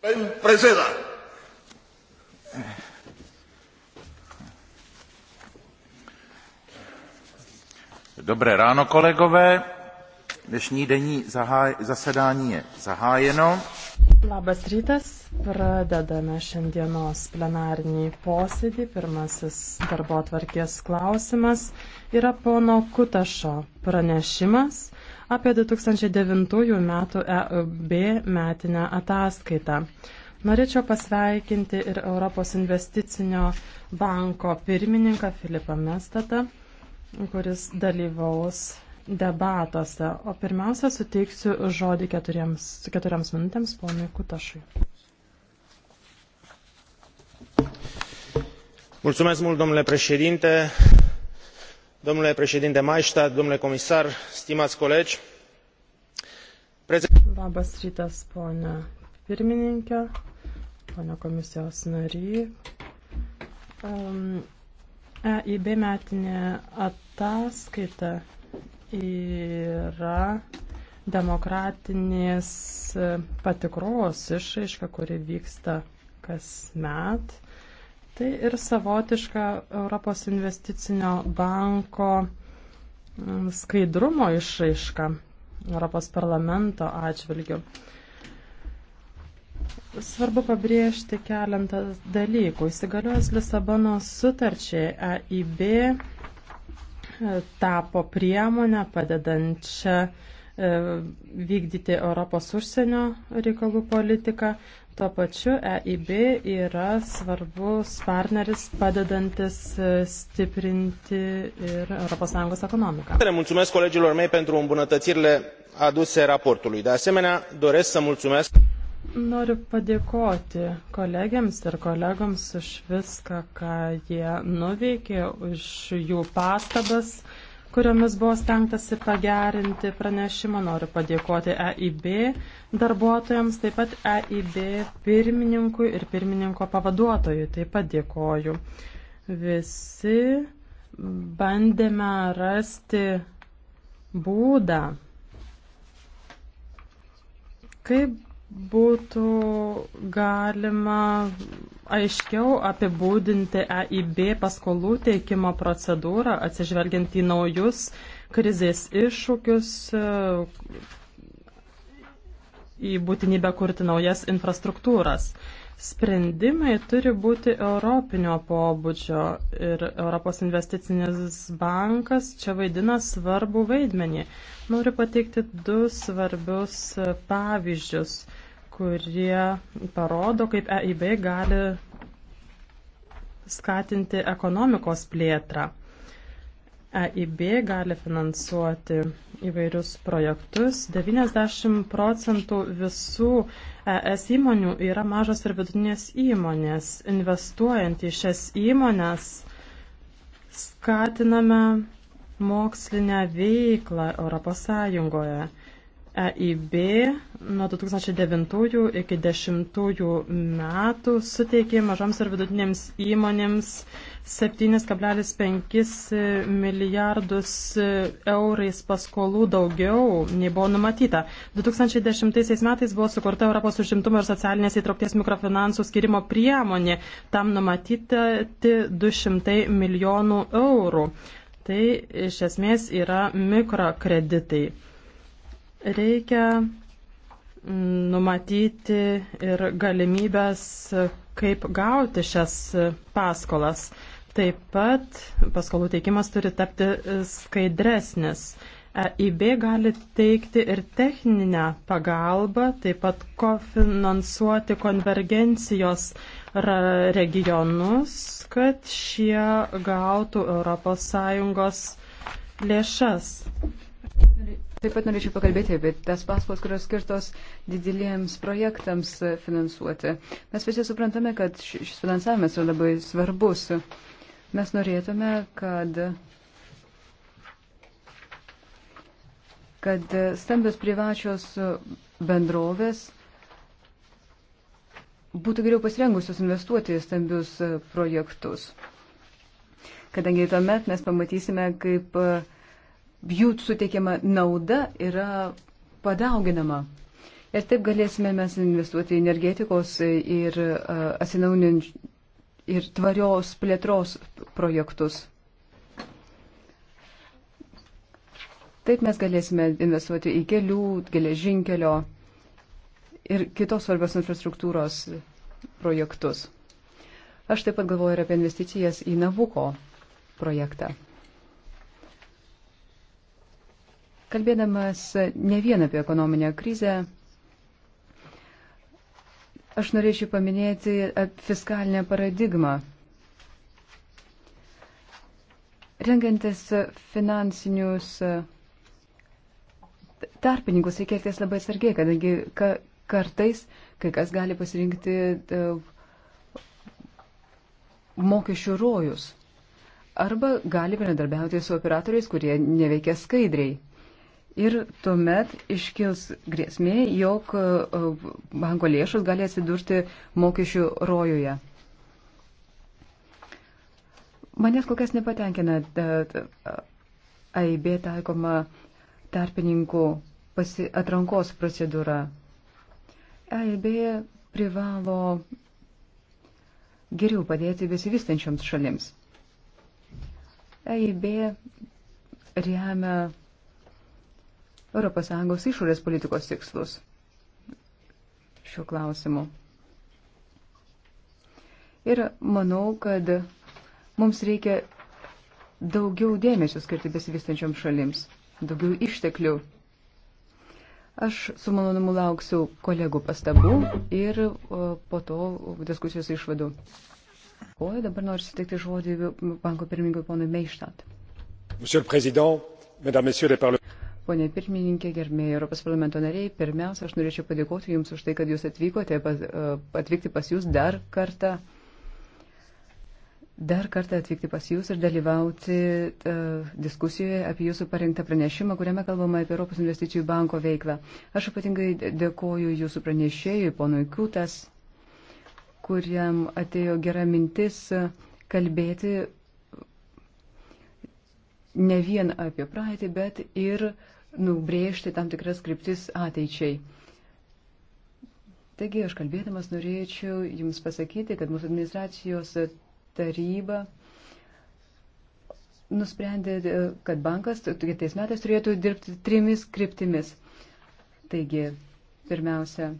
Pan preseda. Dobré ráno, kolegové. Dnešní denní zasedání je zahájeno. Labas rytas, pradedame šiandienos plenarinį posėdį. Pirmasis darbo atvarkės klausimas yra pono Kutašo pranešimas apie 2009 metų EUB metinę ataskaitą. Norėčiau pasveikinti ir Europos investicinio banko pirmininką Filipą Mestatą, kuris dalyvaus debatuose. O pirmiausia, suteiksiu žodį keturiems, keturiams minutėms ponui Kutašui. Mulțumesc mult, domnule președinte, domnule preedinte maystadt domnule comisar stimai colegi Labas rytas, ponia pirmininkė, ponia komisijos nary. Um, EIB metinė ataskaita yra demokratinės patikros išraiška, kuri vyksta kasmet. Tai ir savotiška Europos investicinio banko mm, skaidrumo išraiška Europos parlamento atžvilgiu. Svarbu pabrėžti keletą dalykų. Įsigaliojus Lisabonos sutarčiai EIB e, tapo priemonę padedančią E, vykdyti Europos užsienio reikalų politiką. Tuo pačiu EIB yra svarbus partneris padedantis e, stiprinti ir ES ekonomiką. Mulțumesc colegilor mei pentru îmbunătățirile aduse raportului. De asemenea, doresc să mulțumesc Noriu padėkoti kolegiams ir kolegoms už viską, ką jie nuveikė, už jų pastabas kuriomis buvo stengtasi pagerinti pranešimą. Noriu padėkoti EIB darbuotojams, taip pat EIB pirmininkui ir pirmininko pavaduotojui. Taip pat dėkoju. Visi bandėme rasti būdą, kaip būtų galima aiškiau apibūdinti EIB paskolų teikimo procedūrą, atsižvelgiant į naujus krizės iššūkius, e, į būtinybę kurti naujas infrastruktūras sprendimai turi būti europinio pobūdžio ir Europos investicinis bankas čia vaidina svarbų vaidmenį. Noriu pateikti du svarbius pavyzdžius, kurie parodo, kaip EIB gali skatinti ekonomikos plėtrą. EIB gali finansuoti įvairius projektus. 90 procentų visų ES įmonių yra mažos ir vidutinės įmonės. Investuojant į šias įmonės skatiname mokslinę veiklą ES. EIB nuo 2009 iki 2010 metų suteikė mažoms ir vidutinėms įmonėms 7,5 milijardus eurais paskolų daugiau nei buvo numatyta. 2010 metais buvo sukurta Europos užimtumo ir socialinės įtraukties mikrofinansų skirimo priemonė, tam numatyta 200 milijonų eurų. Tai iš esmės yra mikrokreditai. Reikia mm, numatyti ir galimybės, kaip gauti šias paskolas. Taip pat paskolų teikimas turi tapti skaidresnis. EIB gali teikti ir techninę pagalbą, taip pat kofinansuoti konvergencijos regionus, kad šie gautų ES lėšas. Taip pat norėčiau pakalbėti apie tas paskolas, kurios skirtos dideliems projektams finansuoti. Mes visi suprantame, kad šis finansavimas yra labai svarbus. Mes norėtume, kad, kad stambios privačios bendrovės būtų geriau pasirengusios investuoti į stambius projektus. Kadangi tuomet mes pamatysime, kaip uh, jų suteikiama nauda yra padauginama. Ir taip galėsime mes investuoti į energetikos ir uh, atsinaujinančių ir tvarios plėtros projektus. Taip mes galėsime investuoti į kelių, geležinkelio ir kitos svarbios infrastruktūros projektus. Aš taip pat galvoju ir apie investicijas į Navuko projektą. Kalbėdamas ne vien apie ekonominę krizę, aš norėčiau paminėti fiskalinę paradigmą. Rengiantis finansinius tarpininkus reikia elgtis labai atsargiai, kadangi ka, kartais kai kas gali pasirinkti e, mokesčių rojus arba gali bendradarbiauti su operatoriais, kurie neveikia skaidriai. Ir tuomet iškils grėsmė, jog banko lėšus gali atsidurti mokesčių rojuje. Manęs kol kas nepatenkina AIB taikoma tarpininkų pasi, atrankos procedūra. AIB privalo geriau padėti besivystančioms šalims. EIB remia ES išorės politikos tikslus šiuo klausimu. Ir manau, kad mums reikia daugiau dėmesio skirti besivystančiom šalims, daugiau išteklių. Aš su malonumu lauksiu kolegų pastabų ir po to diskusijos išvadų. O dabar noriu sutikti žodį banko pirmininkui ponui Meištat. Monsieur le Président, Mesdames, Messieurs les Parlementaires. Pone pirmininkė, gerbėjai Europos parlamento nariai, pirmiausia, aš norėčiau padėkoti Jums už tai, kad Jūs atvykote, e, atvykti pas Jūs dar kartą. Dar kartą atvykti pas Jūs ir dalyvauti uh, diskusijoje apie Jūsų parengtą pranešimą, kuriame kalbama apie Europos investicijų banko veiklą. Aš ypatingai dėkoju Jūsų pranešėjui, ponui Kutas, kuriam atėjo gera mintis e, kalbėti ne vien apie praeitį, bet ir nubrėžti tam tikras kryptis ateičiai. Taigi aš kalbėdamas norėčiau Jums pasakyti, kad mūsų administracijos taryba nusprendė, kad bankas kitais metais turėtų dirbti trimis kryptimis. Taigi, pirmiausia,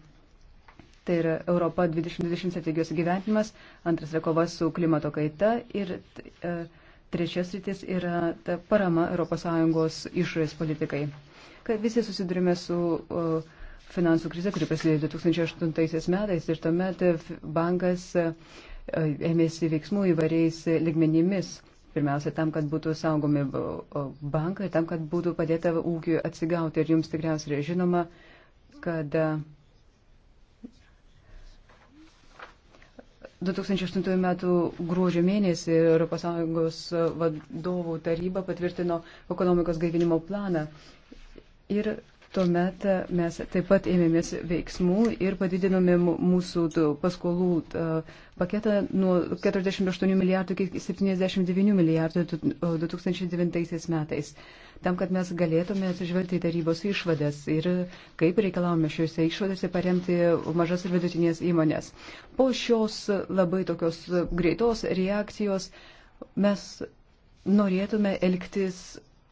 tai yra Europa 2020 strategijos gyvenimas, antras yra kova su klimato kaita ir. Uh, Trečias rytis yra parama ES išorės politikai. Kad visi susidurime su uh, finansų krize, kuri prasidėjo 2008 metais ir tuomet bankas uh, ėmėsi veiksmų įvairiais ligmenimis. Pirmiausia, tam, kad būtų saugomi bankai, tam, kad būtų padėta ūkiui atsigauti. Ir jums tikriausiai žinoma, kad uh, 2008 m. gruodžio mėnesį ES vadovų taryba patvirtino ekonomikos gaivinimo planą. Ir tuomet mes taip pat ėmėmės veiksmų ir padidinome mūsų paskolų paketą nuo 48 milijardų iki 79 milijardų 2009 metais tam, kad mes galėtume atsižvelgti į tarybos išvadas ir kaip reikalavome šiuose išvadose paremti mažas ir vidutinės įmonės. Po šios labai tokios greitos reakcijos mes norėtume elgtis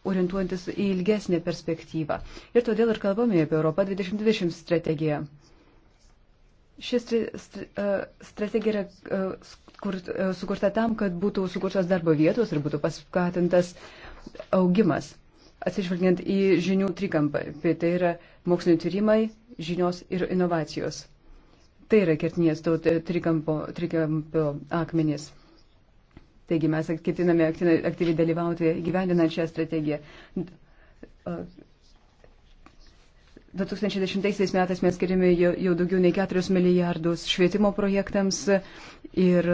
orientuojantis į ilgesnę perspektyvą. Ir todėl ir kalbame apie Europą 2020 strategiją. Ši strategija yra sukurta tam, kad būtų sukurtas darbo vietos ir būtų paskatintas augimas atsižvelgiant į žinių trikampą. Tai yra mokslinio tyrimai, žinios ir inovacijos. Tai yra kertinės to trikampo, trikampio akmenys. Taigi mes ketiname aktyviai dalyvauti gyvendinant šią strategiją. 2010 metais mes skiriame jau, jau daugiau nei 4 milijardus švietimo projektams ir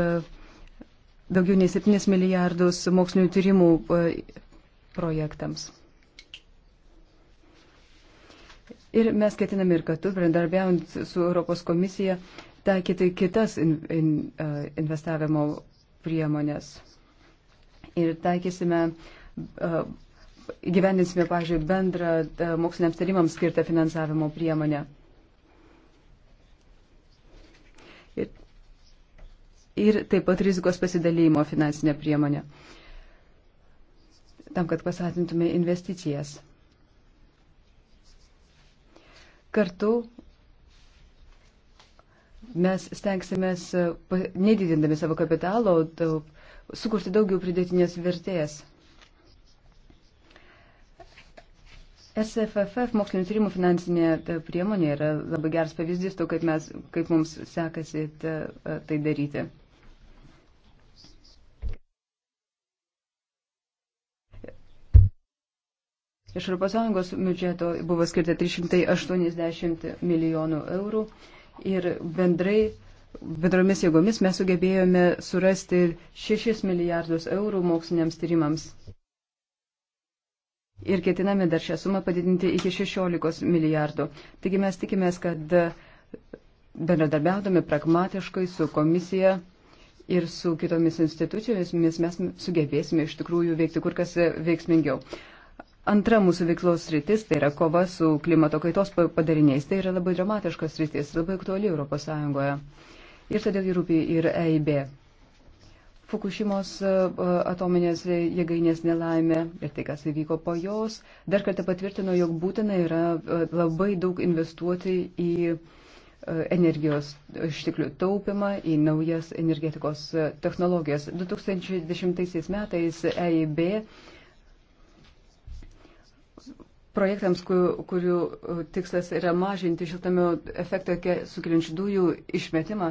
daugiau nei 7 milijardus mokslinių tyrimų projektams. Ir mes ketiname ir kartu, bendarbiaujant su Europos komisija, taikyti kitas in, in, uh, investavimo priemonės. Ir taikysime, uh, gyvendinsime, pažiūrėjau, bendrą uh, moksliniams tarimams skirtą finansavimo priemonę. Ir, ir taip pat rizikos pasidalymo finansinę priemonę. Tam, kad pasatintume investicijas. Kartu mes stengsimės, e, nedidindami savo kapitalo, sukurti daugiau pridėtinės vertės. SFFF mokslinio tyrimų finansinė e, priemonė yra labai geras pavyzdys to, kaip, mes, kaip mums sekasi e, tai daryti. Iš ES biudžeto buvo skirta 380 milijonų eurų ir bendrai, bendromis jėgomis mes sugebėjome surasti 6 milijardus eurų moksliniams tyrimams. Ir ketiname dar šią sumą padidinti iki 16 milijardų. Taigi mes tikimės, kad bendradarbiaudami pragmatiškai su komisija ir su kitomis institucijomis mes sugebėsime iš tikrųjų veikti kur kas veiksmingiau. Antra mūsų veiklos rytis, tai yra kova su klimato kaitos padariniais, tai yra labai dramatiškas rytis, labai aktuali Europos Sąjungoje. Ir todėl jį rūpi ir EIB. Fukushimos e, e, atominės jėgainės nelaimė ir tai, kas įvyko po jos, dar kartą patvirtino, jog būtina yra e, labai daug investuoti į energijos išteklių taupimą, į naujas energetikos technologijas. 2010 metais EIB projektams, kurių, kurių e, tikslas yra mažinti šiltame efektą sukeliančių dujų išmetimą,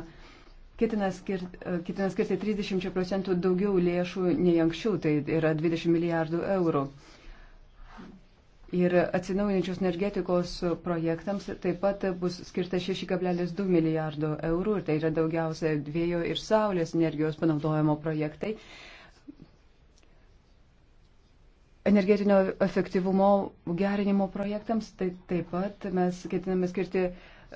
ketina skirti, e, ketina skirti 30 procentų daugiau lėšų nei anksčiau, tai yra 20 milijardų eurų. Ir atsinaujinančios energetikos projektams taip pat bus skirta 6,2 milijardo eurų, ir tai yra daugiausia dviejų ir saulės energijos panaudojimo projektai energetinio efektyvumo gerinimo projektams. Tai, taip pat mes ketiname skirti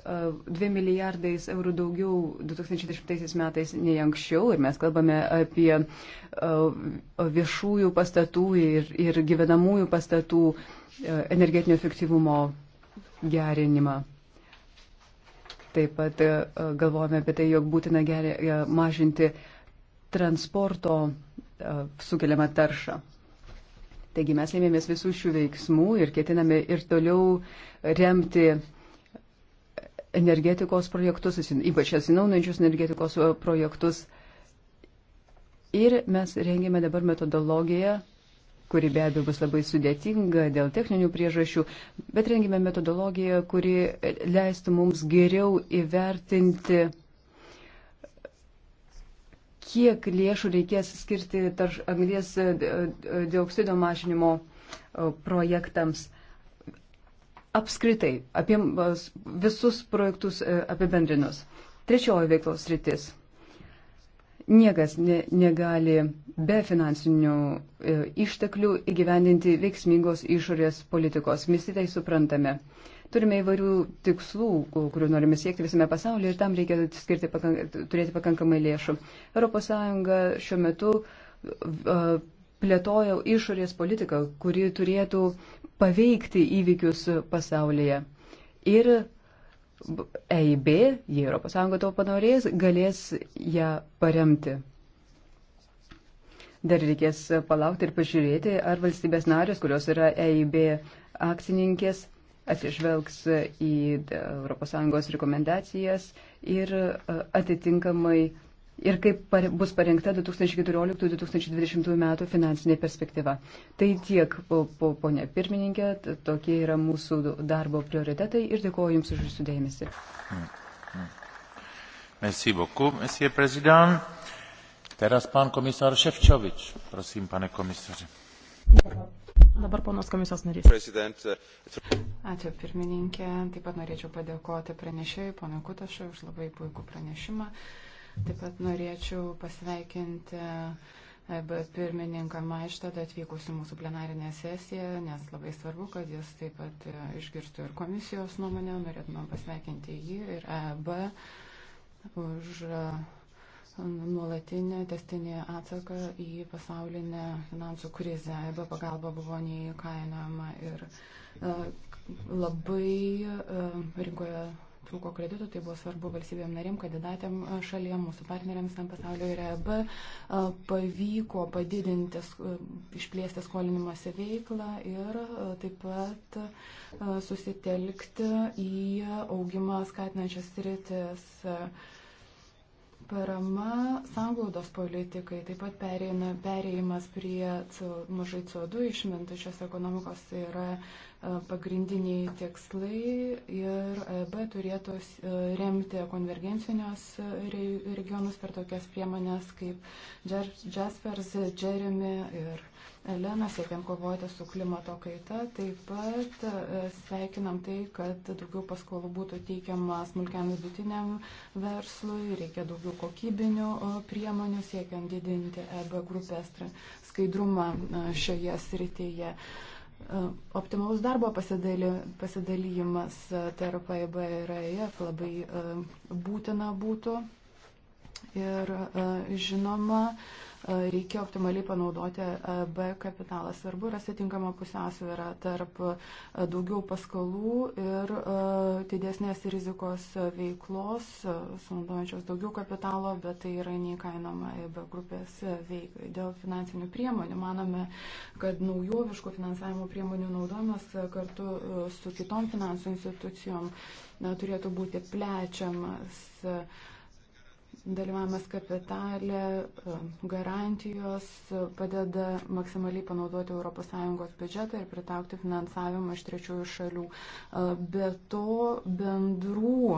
2 e, milijardais eurų daugiau 2010 metais nei anksčiau ir mes kalbame apie e, viešųjų pastatų ir, ir gyvenamųjų pastatų e, energetinio efektyvumo gerinimą. Taip pat galvojame apie tai, jog būtina geri, mažinti transporto sukeliamą taršą. Taigi mes ėmėmės visų šių veiksmų ir ketiname ir toliau remti energetikos projektus, ypač atsinaujančius energetikos e, projektus. Ir mes rengėme dabar metodologiją, kuri be abejo bus labai sudėtinga dėl techninių priežasčių, bet rengėme metodologiją, kuri leistų mums geriau įvertinti kiek lėšų reikės skirti tarš, anglies e, e, dioksido mažinimo e, projektams. Apskritai, apie visus projektus apibendrinus. Trečioji veiklos rytis. Niekas ne, negali be finansinių e, išteklių įgyvendinti veiksmingos išorės politikos. Visi tai suprantame. E, Turime įvairių tikslų, kurių norime siekti visame pasaulyje ir tam reikia skirti, pakank, turėti pakankamai lėšų. ES šiuo metu plėtoja išorės politiką, kuri turėtų paveikti įvykius pasaulyje. Ir EIB, jei ES to panorės, galės ją paremti. Dar reikės palaukti ir pažiūrėti, ar valstybės narės, kurios yra EIB akcininkės, atsižvelgs į ES rekomendacijas ir e, atitinkamai ir kaip bus parengta 2014-2020 metų finansinė perspektyva. Tai tiek, po, po, ponia pirmininkė, tokie yra mūsų darbo prioritetai ir dėkuoju Jums už Jūsų dėmesį. Merci beaucoup, monsieur président. Teraz pan komisar Ševčovič. Prosím, pane komisaři. Dėkui. Dabar ponos komisijos narys. E, Ačiū pirmininkė. Taip pat norėčiau padėkoti pranešėjui, ponui Kutašui, už labai puikų pranešimą. Taip pat norėčiau pasveikinti e, pirmininką Maištadą atvykusi mūsų plenarinę sesiją, nes labai svarbu, kad jis taip pat e, išgirstų ir komisijos nuomonę. Norėtume pasveikinti jį ir EB už nuolatinį testinį atsaką į pasaulinę finansų krizę. EBA pagalba buvo neįkainojama ir e, labai e, rinkoje trūko kreditų, tai buvo svarbu valstybėm narėm, kandidatėm e, šalėm, mūsų partneriams tam pasaulio ir EB pavyko padidinti, išplėsti skolinimosi veiklą ir taip pat susitelkti į augimą skatinančias rytis. Uh, Parama sanglaudos politikai, taip pat pereina, pereimas prie CO, mažai CO2 išmintušios ekonomikos tai yra e, pagrindiniai tikslai ir EB turėtų e, remti konvergencinios e, regionus per tokias priemonės kaip Jaspers, Jeremy ir Elena, siekiam kovoti su klimato kaita. Taip pat e, sveikinam tai, kad daugiau paskolų būtų teikiama smulkiam vidutiniam verslui, reikia daugiau kokybinių priemonių, siekiam didinti EB grupės skaidrumą e, šioje srityje. E, optimalus darbo pasidali, pasidalymas tarp AIB ir AIF labai būtina būtų. Ir žinoma, E, reikia optimaliai panaudoti e, B kapitalą. Svarbu rasti tinkamą pusiausvyrą tarp e, daugiau paskolų ir didesnės rizikos veiklos, sunaudojančios daugiau kapitalo, bet tai yra neįkainoma B grupės veiklai. Dėl finansinių priemonių manome, kad naujoviškų finansavimo priemonių naudojimas kartu su kitom finansų institucijom na, turėtų būti plečiamas. Uh, dalyvavimas kapitalė, e, garantijos padeda maksimaliai panaudoti ES biudžetą ir pritraukti finansavimą iš trečiųjų šalių. E, be to bendrų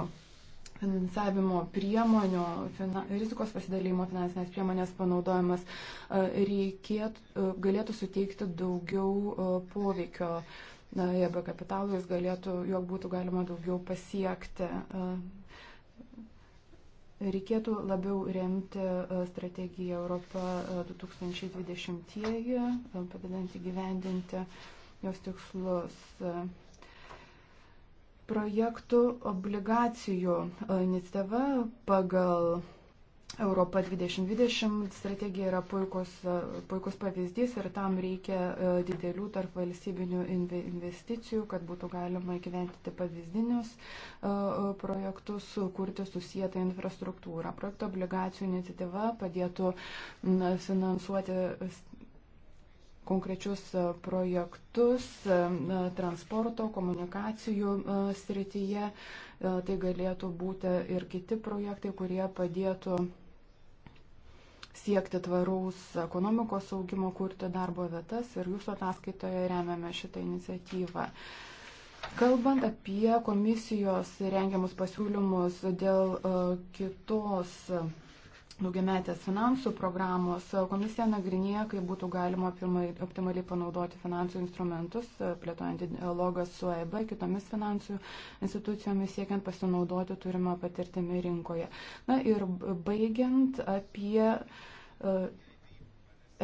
finansavimo priemonių, fina, rizikos pasidalymo finansinės priemonės panaudojimas e, reikėt, galėtų suteikti daugiau poveikio. Jeigu kapitalų jis galėtų, jog būtų galima daugiau pasiekti. Reikėtų labiau remti e, strategiją Europą 2020-ieji, e, e, padedant įgyvendinti jos tikslus projektų obligacijų iniciatyva pagal Europa 2020 strategija yra puikus, puikus pavyzdys ir tam reikia e, didelių tarp valstybinių investicijų, kad būtų galima įgyventyti pavyzdinius e, e, projektus, kurti susijęta infrastruktūrą. Projekto obligacijų iniciatyva padėtų finansuoti konkrečius projektus transporto, komunikacijų srityje. Tai galėtų būti ir kiti projektai, kurie padėtų siekti tvaraus ekonomikos augimo, kurti darbo vietas ir jūsų ataskaitoje remiame šitą iniciatyvą. Kalbant apie komisijos rengiamus pasiūlymus dėl e, kitos daugiametės finansų programos komisija nagrinėja, kaip būtų galima pirmai, optimaliai panaudoti finansų instrumentus, plėtojant dialogą su EB, kitomis finansų institucijomis, siekiant pasinaudoti turimą patirtimį rinkoje. Na ir baigiant apie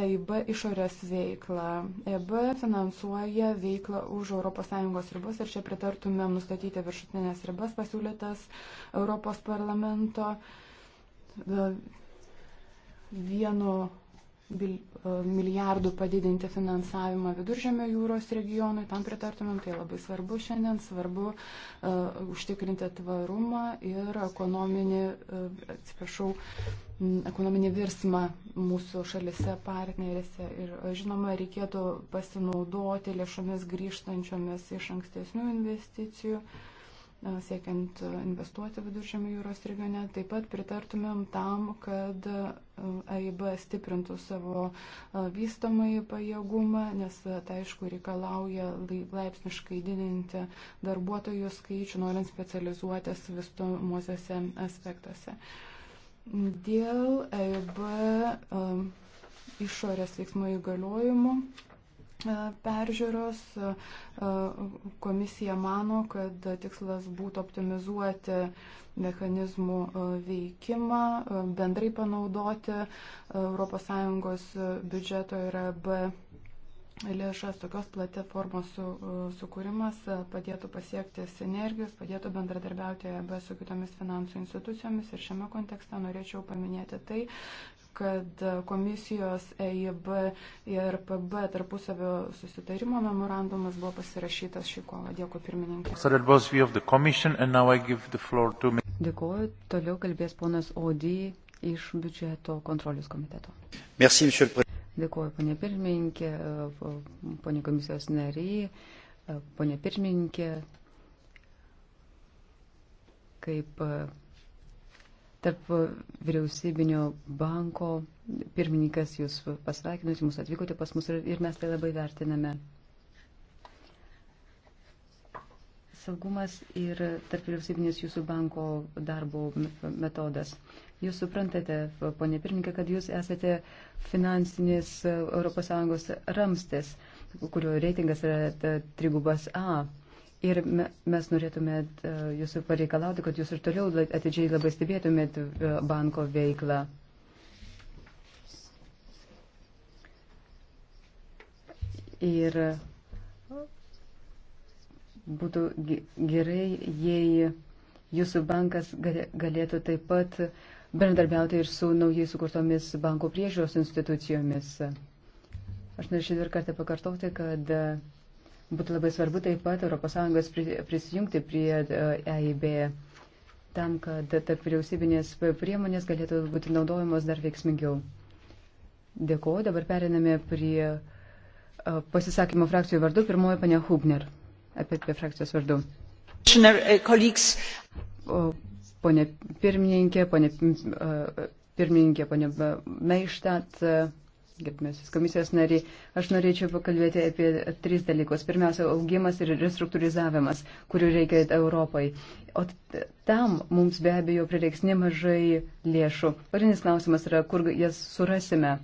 EIB e išorės veiklą. EIB finansuoja veiklą už ES ribos ir čia pritartumėm nustatyti viršutinės ribas pasiūlytas Europos parlamento vienu e, milijardų padidinti finansavimą viduržėmio jūros regionui, tam pritartumėm, tai labai svarbu šiandien, svarbu uh, užtikrinti tvarumą ir ekonominį, uh, atsiprašau, ekonominį virsmą mūsų šalise partnerėse. Ir žinoma, reikėtų pasinaudoti lėšomis grįžtančiomis iš ankstesnių investicijų. Uh, siekiant investuoti viduržėmio jūros regione. Taip pat pritartumėm tam, kad AIB stiprintų savo vystomąjį pajėgumą, nes tai aišku reikalauja laipsniškai didinti darbuotojų skaičių, norint specializuotis vystomosiuose aspektuose. Dėl AIB išorės veiksmų įgaliojimų E, peržiūros. E, komisija mano, kad tikslas būtų optimizuoti mechanizmų e, veikimą, bendrai panaudoti ES biudžeto ir B lėšas, tokios platformos su, sukūrimas padėtų pasiekti sinergijos, padėtų bendradarbiauti EB su kitomis finansų institucijomis. Ir šiame kontekste norėčiau paminėti tai, kad komisijos EIB ir PB tarpusavio susitarimo memorandumas buvo pasirašytas šį kovą. Dėkui pirmininkai. Dėkuoju. Toliau kalbės ponas Odį iš biudžeto kontrolės komiteto. Merci, Dėkuoju, ponė pirmininkė, ponė komisijos nariai, ponė pirmininkė, kaip tarp vyriausybinio banko pirmininkas jūs pasveikinus, jūs atvykote pas mus ir mes tai labai vertiname. saugumas ir tarp vyriausybinės jūsų banko darbo metodas. Jūs suprantate, ponė pirmininkė, kad jūs esate finansinis ES ramstis, kurio reitingas yra trigubas A. Ir mes norėtumėt e, jūsų pareikalauti, kad jūs ir toliau atidžiai labai stebėtumėt e, banko veiklą. Ir būtų gerai, jei jūsų bankas galėtų taip pat bendarbiauti ir su naujai sukurtomis banko priežiūros institucijomis. Aš norėčiau dar kartą pakartoti, kad būtų labai svarbu taip pat ES prisijungti prie EIB e tam, kad tarp vyriausybinės priemonės galėtų būti naudojamos dar veiksmingiau. Dėkuoju, dabar periname prie e, pasisakymo frakcijų vardu. Pirmoji, ponia Hubner apie, apie frakcijos vardu. Eh, pone pirmininkė, pone pirmininkė, pone Meištat, gerbėmėsis komisijos nariai, aš norėčiau pakalbėti apie tris dalykus. Pirmiausia, augimas ir restruktūrizavimas, kurių reikia Europai. O tam mums be abejo prireiks nemažai lėšų. Pagrindinis klausimas yra, kur jas surasime.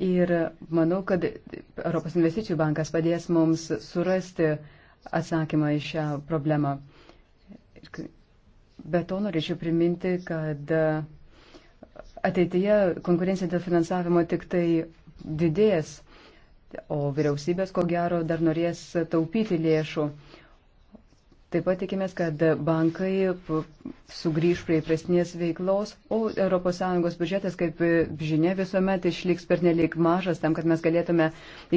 Ir manau, kad Europos investicijų bankas padės mums surasti atsakymą į šią problemą. Be to norėčiau priminti, kad ateityje konkurencija dėl finansavimo tik tai didės, o vyriausybės, ko gero, dar norės taupyti lėšų. Taip pat tikimės, kad bankai sugrįž prie įprastinės veiklos, o ES biudžetas, kaip žinia, visuomet išliks pernelik mažas tam, kad mes galėtume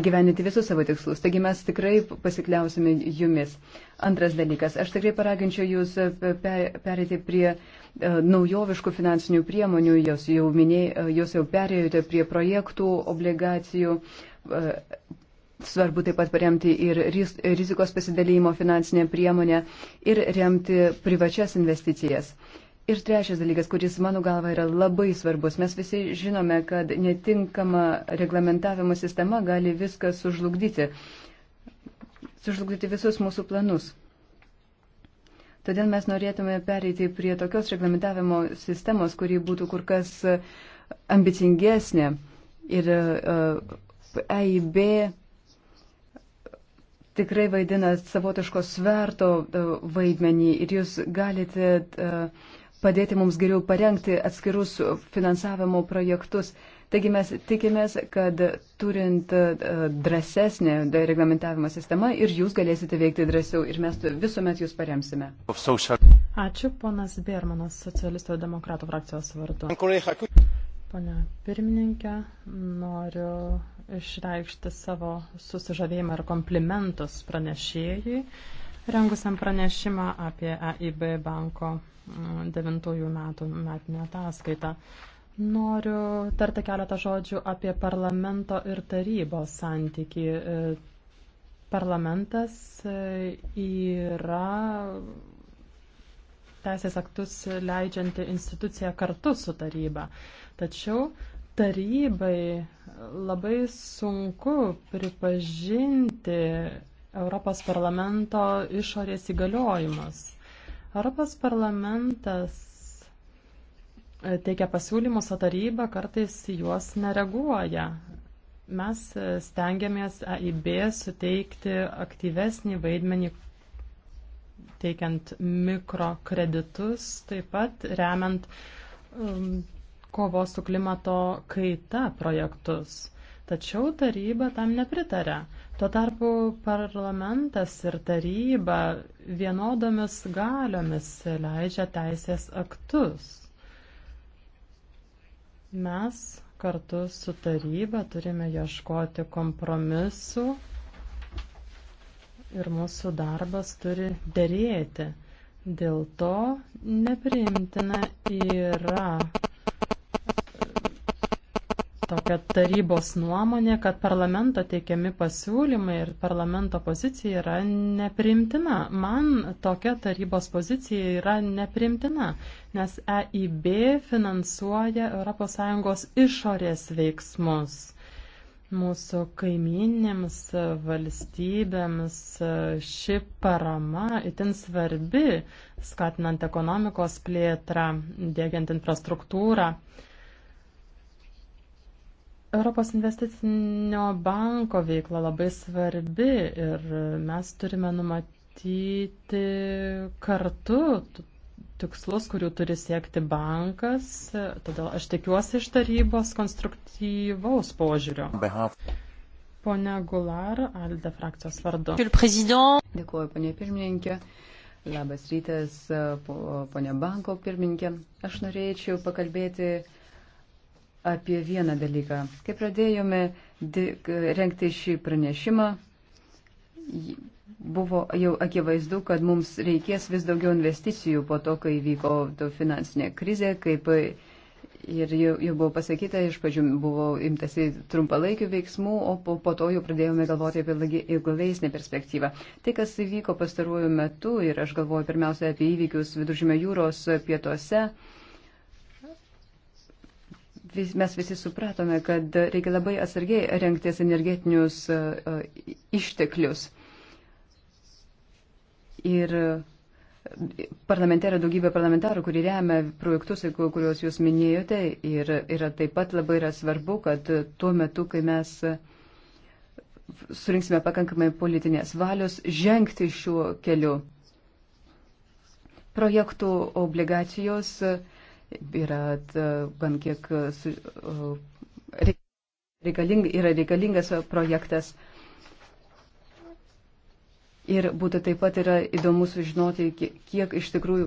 įgyveninti visus savo tikslus. Taigi mes tikrai pasikliausime jumis. Antras dalykas, aš tikrai paraginčiau jūs perėti prie e, naujoviškų finansinių priemonių, jūs jau, minėjai, e, jūs jau perėjote prie projektų, obligacijų e, Svarbu taip pat paremti ir rizikos pasidalymo finansinę priemonę ir remti privačias investicijas. Ir trečias dalykas, kuris mano galva yra labai svarbus. Mes visi žinome, kad netinkama reglamentavimo sistema gali viską sužlugdyti, sužlugdyti visus mūsų planus. Todėl mes norėtume pereiti prie tokios reglamentavimo sistemos, kuri būtų kur kas e, ambicingesnė ir uh, e, EIB tikrai vaidina savotiško sverto e, vaidmenį ir jūs galite e, padėti mums geriau parengti atskirus finansavimo projektus. Taigi mes tikimės, kad turint e, drąsesnę reglamentavimo sistemą ir jūs galėsite veikti drąsiau ir mes visuomet jūs paremsime. Ačiū, ponas Bermanas, socialisto demokratų frakcijos vardu. Pone pirmininkė, noriu išreikšti savo susižavėjimą ir komplimentus pranešėjui, rengusiam pranešimą apie EIB banko 9 mm, metų metinę ataskaitą. Noriu tarti keletą žodžių apie parlamento ir tarybos santykį. E, parlamentas e, yra teisės aktus leidžianti institucija kartu su taryba. Tačiau tarybai labai sunku pripažinti Europos parlamento išorės įgaliojimus. Europos parlamentas e, teikia pasiūlymus, o taryba kartais juos nereaguoja. Mes e, stengiamės AIB suteikti aktyvesnį vaidmenį, teikiant mikrokreditus, taip pat remiant um, kovos su klimato kaita projektus. Tačiau taryba tam nepritarė. Tuo tarpu parlamentas ir taryba vienodomis galiomis leidžia teisės aktus. Mes kartu su taryba turime ieškoti kompromisų ir mūsų darbas turi dėrėti. Dėl to nepriimtina yra kad tarybos nuomonė, kad parlamento teikiami pasiūlymai ir parlamento pozicija yra neprimtina. Man tokia tarybos pozicija yra neprimtina, nes EIB finansuoja ES išorės veiksmus. Mūsų kaiminėms valstybėms ši parama itin svarbi, skatinant ekonomikos plėtrą, dėgiant infrastruktūrą. Europos investicinio banko veikla labai svarbi ir mes turime numatyti kartu tikslus, kurių turi siekti bankas. Todėl aš tikiuosi iš tarybos konstruktyvaus požiūrio. Pone Gular, Alde frakcijos vardu. Dėkuoju, ponė pirmininkė. Labas rytas, ponė banko pirmininkė. Aš norėčiau pakalbėti apie vieną dalyką. Kai pradėjome renkti šį pranešimą, buvo jau akivaizdu, kad mums reikės vis daugiau investicijų po to, kai vyko finansinė krizė, kaip ir jau, jau buvo pasakyta, iš pradžių buvo imtasi trumpalaikių veiksmų, o po, po to jau pradėjome galvoti apie ilgalaisnę perspektyvą. Tai, kas įvyko pastaruoju metu, ir aš galvoju pirmiausia apie įvykius Viduržymio jūros pietuose, vis, mes visi supratome, kad reikia labai atsargiai renktis energetinius e, e, išteklius. Ir e, parlamente yra daugybė parlamentarų, kurie remia projektus, kuriuos jūs minėjote. Ir yra taip pat labai yra svarbu, kad tuo metu, kai mes surinksime pakankamai politinės valios, žengti šiuo keliu. Projektų obligacijos uh, yra gan kiek su, reikaling, yra reikalingas projektas. Ir būtų taip pat yra įdomu sužinoti, kiek iš tikrųjų,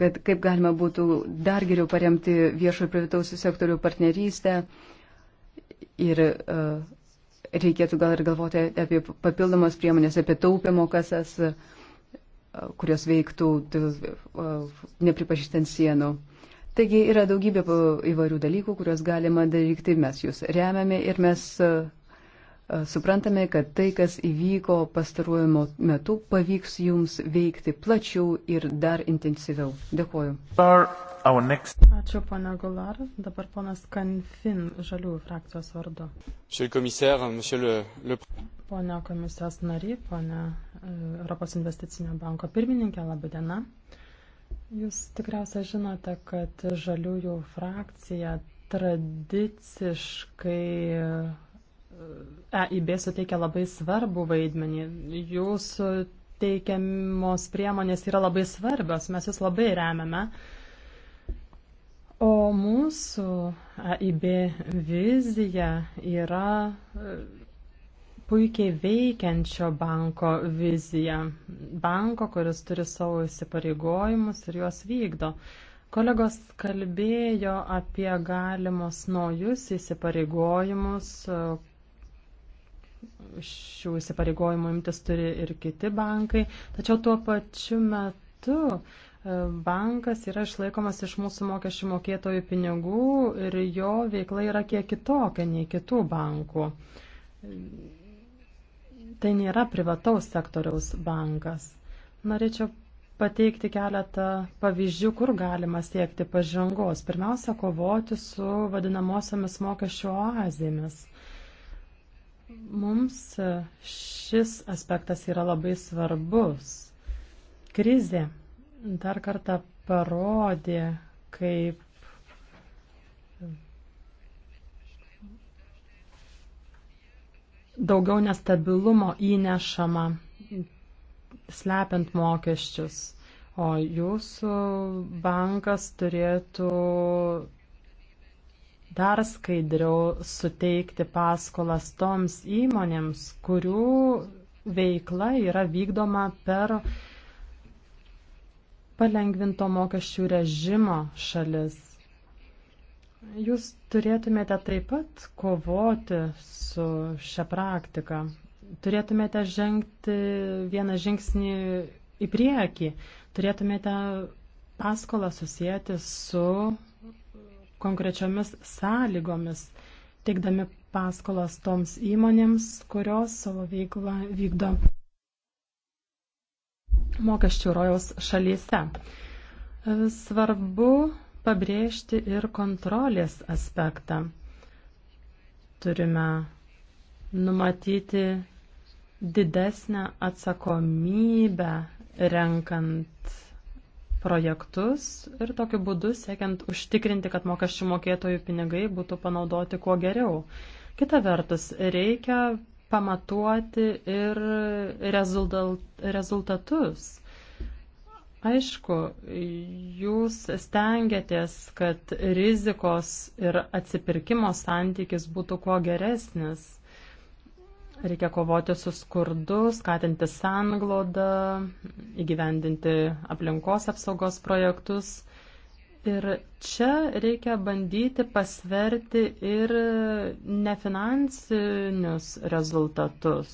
kad kaip galima būtų dar geriau paremti viešo ir privataus sektorių partnerystę. Ir uh, reikėtų gal ir galvoti apie papildomas priemonės, apie taupimo kasas. Uh, kurios veiktų tai, e, nepripažįstant sienų. Taigi yra daugybė įvairių dalykų, kuriuos galima daryti, mes jūs remiame ir mes e, suprantame, kad tai, kas įvyko pastaruoju metu, pavyks jums veikti plačiau ir dar intensyviau. Dėkuoju. Next... Ačiū, pana Gular. Dabar ponas Kanfin, žaliųjų frakcijos vardu. Le... Le... Pone komisijos nary, pone Europos investicinio banko pirmininkė, laba diena. Jūs tikriausiai žinote, kad žaliųjų frakcija tradiciškai EIB suteikia labai svarbų vaidmenį. Jūsų teikiamos priemonės yra labai svarbios, mes jūs labai remiame. O mūsų EIB vizija yra e, puikiai veikiančio banko vizija. Banko, kuris turi savo įsipareigojimus ir juos vykdo. Kolegos kalbėjo apie galimus naujus įsipareigojimus, šių įsipareigojimų imtis turi ir kiti bankai, tačiau tuo pačiu metu e, bankas yra išlaikomas iš mūsų mokesčių mokėtojų pinigų ir jo veikla yra kiek kitokia nei kitų bankų. Tai nėra privataus sektoriaus bankas. Norėčiau pateikti keletą pavyzdžių, kur galima siekti pažangos. Pirmiausia, kovoti su vadinamosiomis mokesčių oazėmis. Mums e, šis aspektas yra labai svarbus. Krizė dar kartą parodė, kaip daugiau nestabilumo įnešama slepiant mokesčius, o jūsų bankas turėtų dar skaidriau suteikti paskolas toms įmonėms, kurių veikla yra vykdoma per palengvinto mokesčių režimo šalis. Jūs turėtumėte taip pat kovoti su šią praktiką. Turėtumėte žengti vieną žingsnį į priekį. Turėtumėte paskolą susijęti su konkrečiomis sąlygomis, teikdami paskolas toms įmonėms, kurios savo veiklą vykdo mokesčių rojaus šalyse. Svarbu pabrėžti ir kontrolės aspektą. Turime numatyti didesnę atsakomybę renkant projektus ir tokiu būdu siekiant užtikrinti, kad mokesčių mokėtojų pinigai būtų panaudoti kuo geriau. Kita vertus, reikia pamatuoti ir rezultatus. Aišku, jūs stengiatės, kad rizikos ir atsipirkimo santykis būtų kuo geresnis. Reikia kovoti su skurdu, skatinti sanglodą, įgyvendinti aplinkos apsaugos projektus. Ir čia reikia bandyti pasverti ir nefinansinius rezultatus.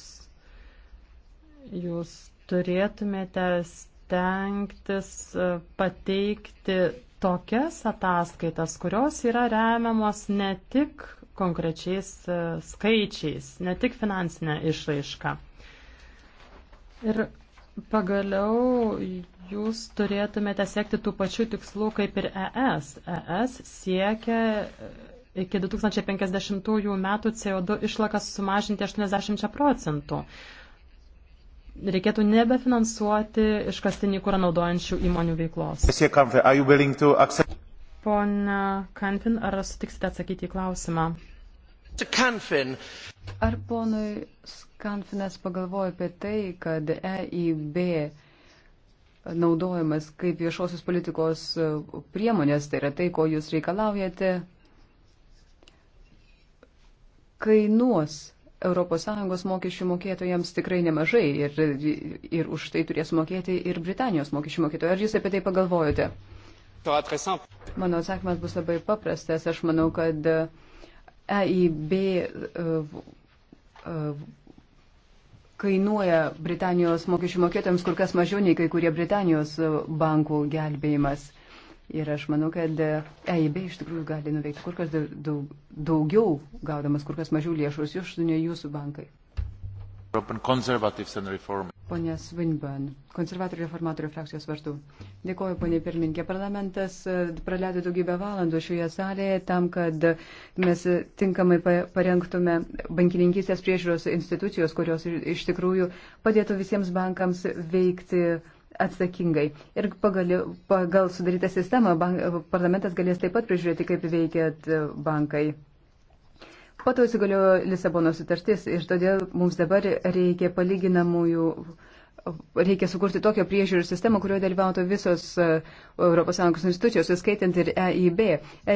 Jūs turėtumėte stengtis e, pateikti tokias ataskaitas, kurios yra remiamos ne tik konkrečiais e, skaičiais, ne tik finansinę išraišką. Ir pagaliau jūs turėtumėte siekti tų pačių tikslų kaip ir ES. ES siekia e, iki 2050 metų CO2 išlakas sumažinti 80 procentų. Reikėtų nebefinansuoti iškastinį kūrą naudojančių įmonių veiklos. Pone Kanfin, ar sutiksite atsakyti į klausimą? Ar ponui Skanfinas pagalvoja apie tai, kad EIB naudojamas kaip viešosios politikos uh, priemonės, tai yra tai, ko jūs reikalaujate, kainuos ES mokesčių mokėtojams tikrai nemažai ir, ir už tai turės mokėti ir Britanijos mokesčių mokėtojai. Ar jūs apie tai pagalvojote? Mano atsakymas bus labai paprastas. Aš manau, kad EIB e, e, kainuoja Britanijos mokesčių mokėtojams kur kas mažiau nei kai kurie Britanijos e, bankų gelbėjimas. Ir aš manau, kad EIB iš tikrųjų gali nuveikti kur kas daug, daugiau, gaudamas kur kas mažiau lėšų, jūs, ne jūsų bankai. Pone Svinban, konservatorių reformatorių frakcijos vardu. Dėkoju, ponė pirmininkė. Parlamentas e, praleido daugybę valandų šioje salėje tam, kad mes tinkamai parengtume bankininkystės priežiūros institucijos, kurios iš tikrųjų padėtų visiems bankams veikti atsakingai. Ir pagal, pagal sudarytą sistemą bank, parlamentas galės taip pat prižiūrėti, kaip veikia bankai. Po to įsigaliojo Lisabono sutartis ir todėl mums dabar reikia palyginamųjų, reikia sukurti tokią priežiūrų sistemą, kurioje dalyvautų visos uh, ES institucijos, įskaitant ir EIB.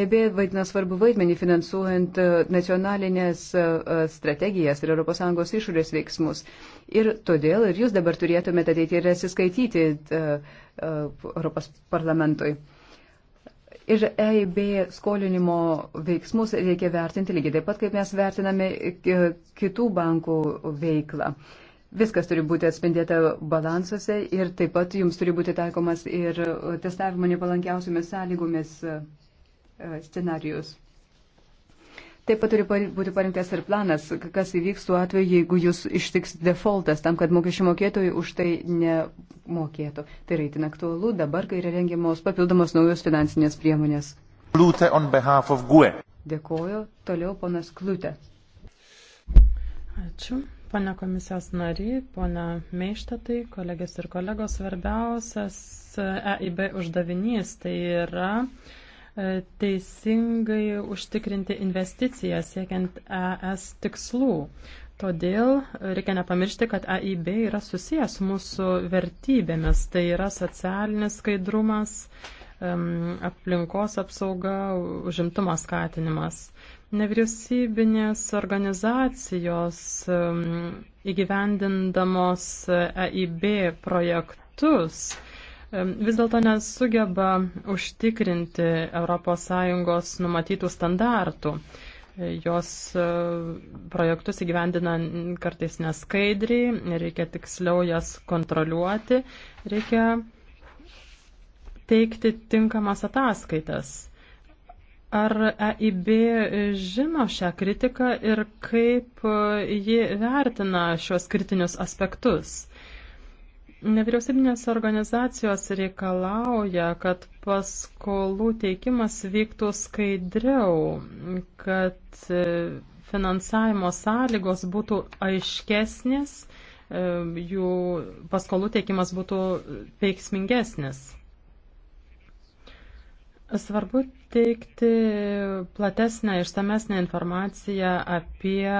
EIB vaidina svarbu vaidmenį finansuojant uh, nacionalinės uh, strategijas ir ES išorės veiksmus. Ir todėl ir jūs dabar turėtumėte ateiti ir atsiskaityti Europos parlamentui. Ir EIB skolinimo veiksmus reikia vertinti lygiai taip pat, kaip mes vertiname kitų bankų veiklą. Viskas turi būti atspindėta balansuose ir taip pat jums turi būti taikomas ir testavimo nepalankiausiamis sąlygomis e, scenarius. Taip pat turi būti parinktas ir planas, kas įvyks tuo atveju, jeigu jūs ištiks defaultas, tam, kad mokesčių mokėtojai už tai nemokėtų. Tai yra itin aktualu dabar, kai yra rengiamos papildomos naujos finansinės priemonės. Dėkoju. Toliau ponas Kliūtė. Ačiū. Pane komisijos nariai, pone Meištatai, kolegės ir kolegos, svarbiausias EIB e uždavinys tai yra uh, E, teisingai užtikrinti investicijas siekiant ES tikslų. Todėl reikia nepamiršti, kad AIB yra susijęs mūsų vertybėmis. Tai yra socialinis skaidrumas, aplinkos apsauga, užimtumo skatinimas. Nevyriausybinės organizacijos įgyvendindamos AIB e projektus vis dėlto nesugeba užtikrinti ES numatytų standartų. E, jos e, projektus įgyvendina kartais neskaidriai, reikia tiksliau jas kontroliuoti, reikia teikti tinkamas ataskaitas. Ar EIB žino šią kritiką ir kaip e, ji vertina šios kritinius aspektus? Nevyriausybinės organizacijos reikalauja, kad paskolų teikimas vyktų skaidriau, kad e, finansavimo sąlygos būtų aiškesnės, e, jų paskolų teikimas būtų veiksmingesnis. Svarbu teikti platesnę, išsamesnę informaciją apie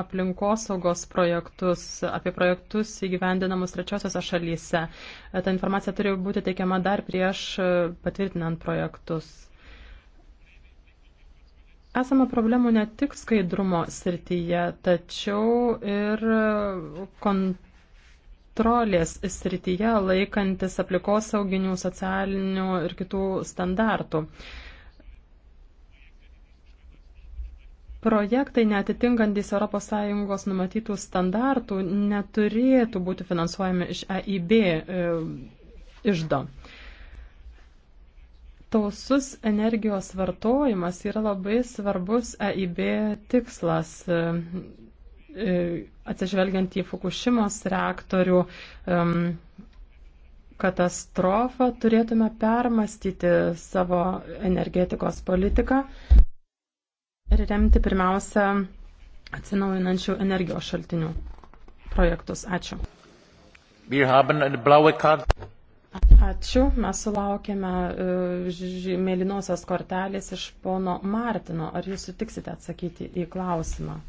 aplinkosaugos projektus, apie projektus įgyvendinamus trečiosiose šalyse. Ta informacija turi būti teikiama dar prieš patvirtinant projektus. Esama problemų ne tik skaidrumo srityje, tačiau ir kontrolės kontrolės srityje laikantis aplikosauginių, socialinių ir kitų standartų. Projektai netitinkantys ES numatytų standartų neturėtų būti finansuojami iš EIB e, išdo. Tausus energijos vartojimas yra labai svarbus EIB tikslas E, atsižvelgiant į Fukushimos reaktorių katastrofą, turėtume permastyti savo energetikos politiką ir remti pirmiausia atsinaujinančių energijos šaltinių projektus. Ačiū. Ačiū. Mes sulaukėme e, mėlynosios kortelės iš pono Martino. Ar jūs sutiksite atsakyti į klausimą?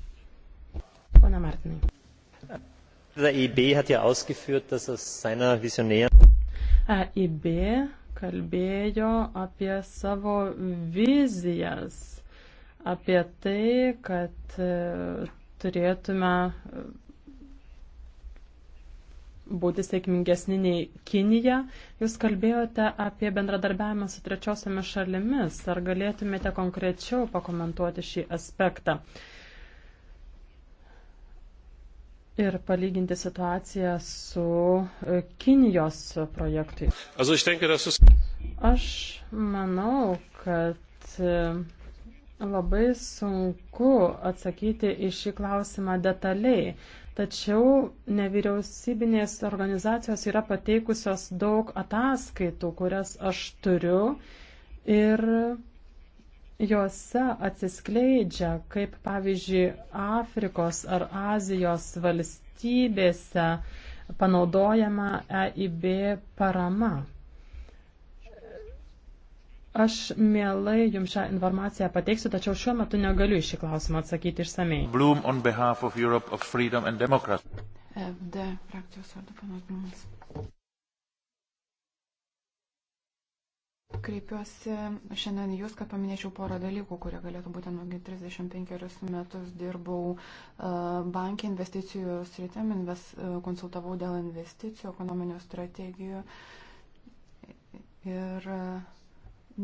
Pone Martinai. E EIB e kalbėjo apie savo vizijas, apie tai, kad e, turėtume būti sėkmingesni nei Kinija. Jūs kalbėjote apie bendradarbiavimą su trečiosiamis šalimis. Ar galėtumėte konkrečiau pakomentuoti šį aspektą? Uh, ir palyginti situaciją su e, Kinijos projektais. Aš manau, kad e, labai sunku atsakyti į šį klausimą detaliai, tačiau nevyriausybinės organizacijos yra pateikusios daug ataskaitų, kurias aš turiu ir Jose atsiskleidžia, kaip pavyzdžiui Afrikos ar Azijos valstybėse panaudojama EIB parama. Aš mielai jums šią informaciją pateiksiu, tačiau šiuo metu negaliu iš šį klausimą atsakyti išsamei. Bloom on behalf of Europe of Freedom and Democracy. FD frakcijos vardu panas Blumas. Kreipiuosi šiandien jūs, kad paminėčiau porą dalykų, kurie galėtų būti nuo 35 metus dirbau e, bankį investicijų sritim, invest, e, konsultavau dėl investicijų, ekonominių strategijų ir e,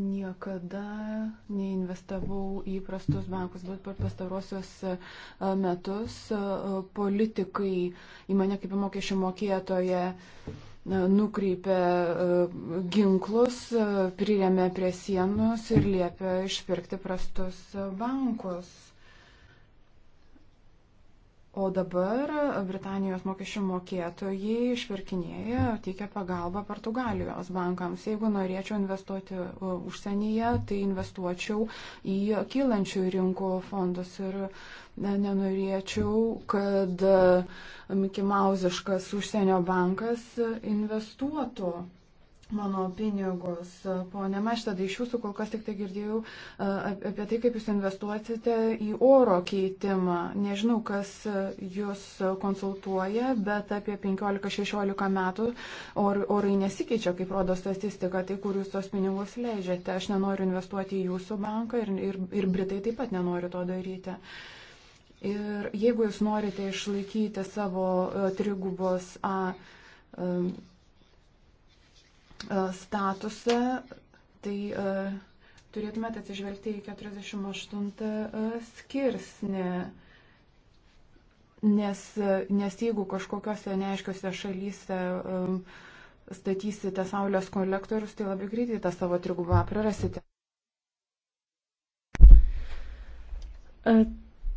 niekada neinvestavau į prastus bankus, bet per pastarosius metus politikai į mane kaip į mokesčių mokėtoje nukreipia e, ginklus, e, priremia prie sienos ir liepia išpirkti prastus bankus. O dabar Britanijos mokesčių mokėtojai išpirkinėja, teikia pagalbą Portugalijos bankams. Jeigu norėčiau investuoti e, užsienyje, tai investuočiau į kylančių rinkų fondus ir e, nenorėčiau, kad e, Mikimauziškas užsienio bankas investuotų mano pinigus. Pone Maštadai, iš jūsų kol kas tik tai girdėjau apie tai, kaip jūs investuosite į oro keitimą. Nežinau, kas jūs konsultuoja, bet apie 15-16 metų or, orai nesikeičia, kaip rodo statistika, tai kur jūs tos pinigus leidžiate. Aš nenoriu investuoti į jūsų banką ir, ir, ir Britai taip pat nenori to daryti. Ir jeigu jūs norite išlaikyti savo trigubos A E, statusą, tai e, turėtumėte atsižvelgti į 48 e, skirsnį. Nes, nes jeigu kažkokiose neaiškiose šalyse um, statysite saulės kolektorius, tai labai greitai tą savo trigubą prarasite.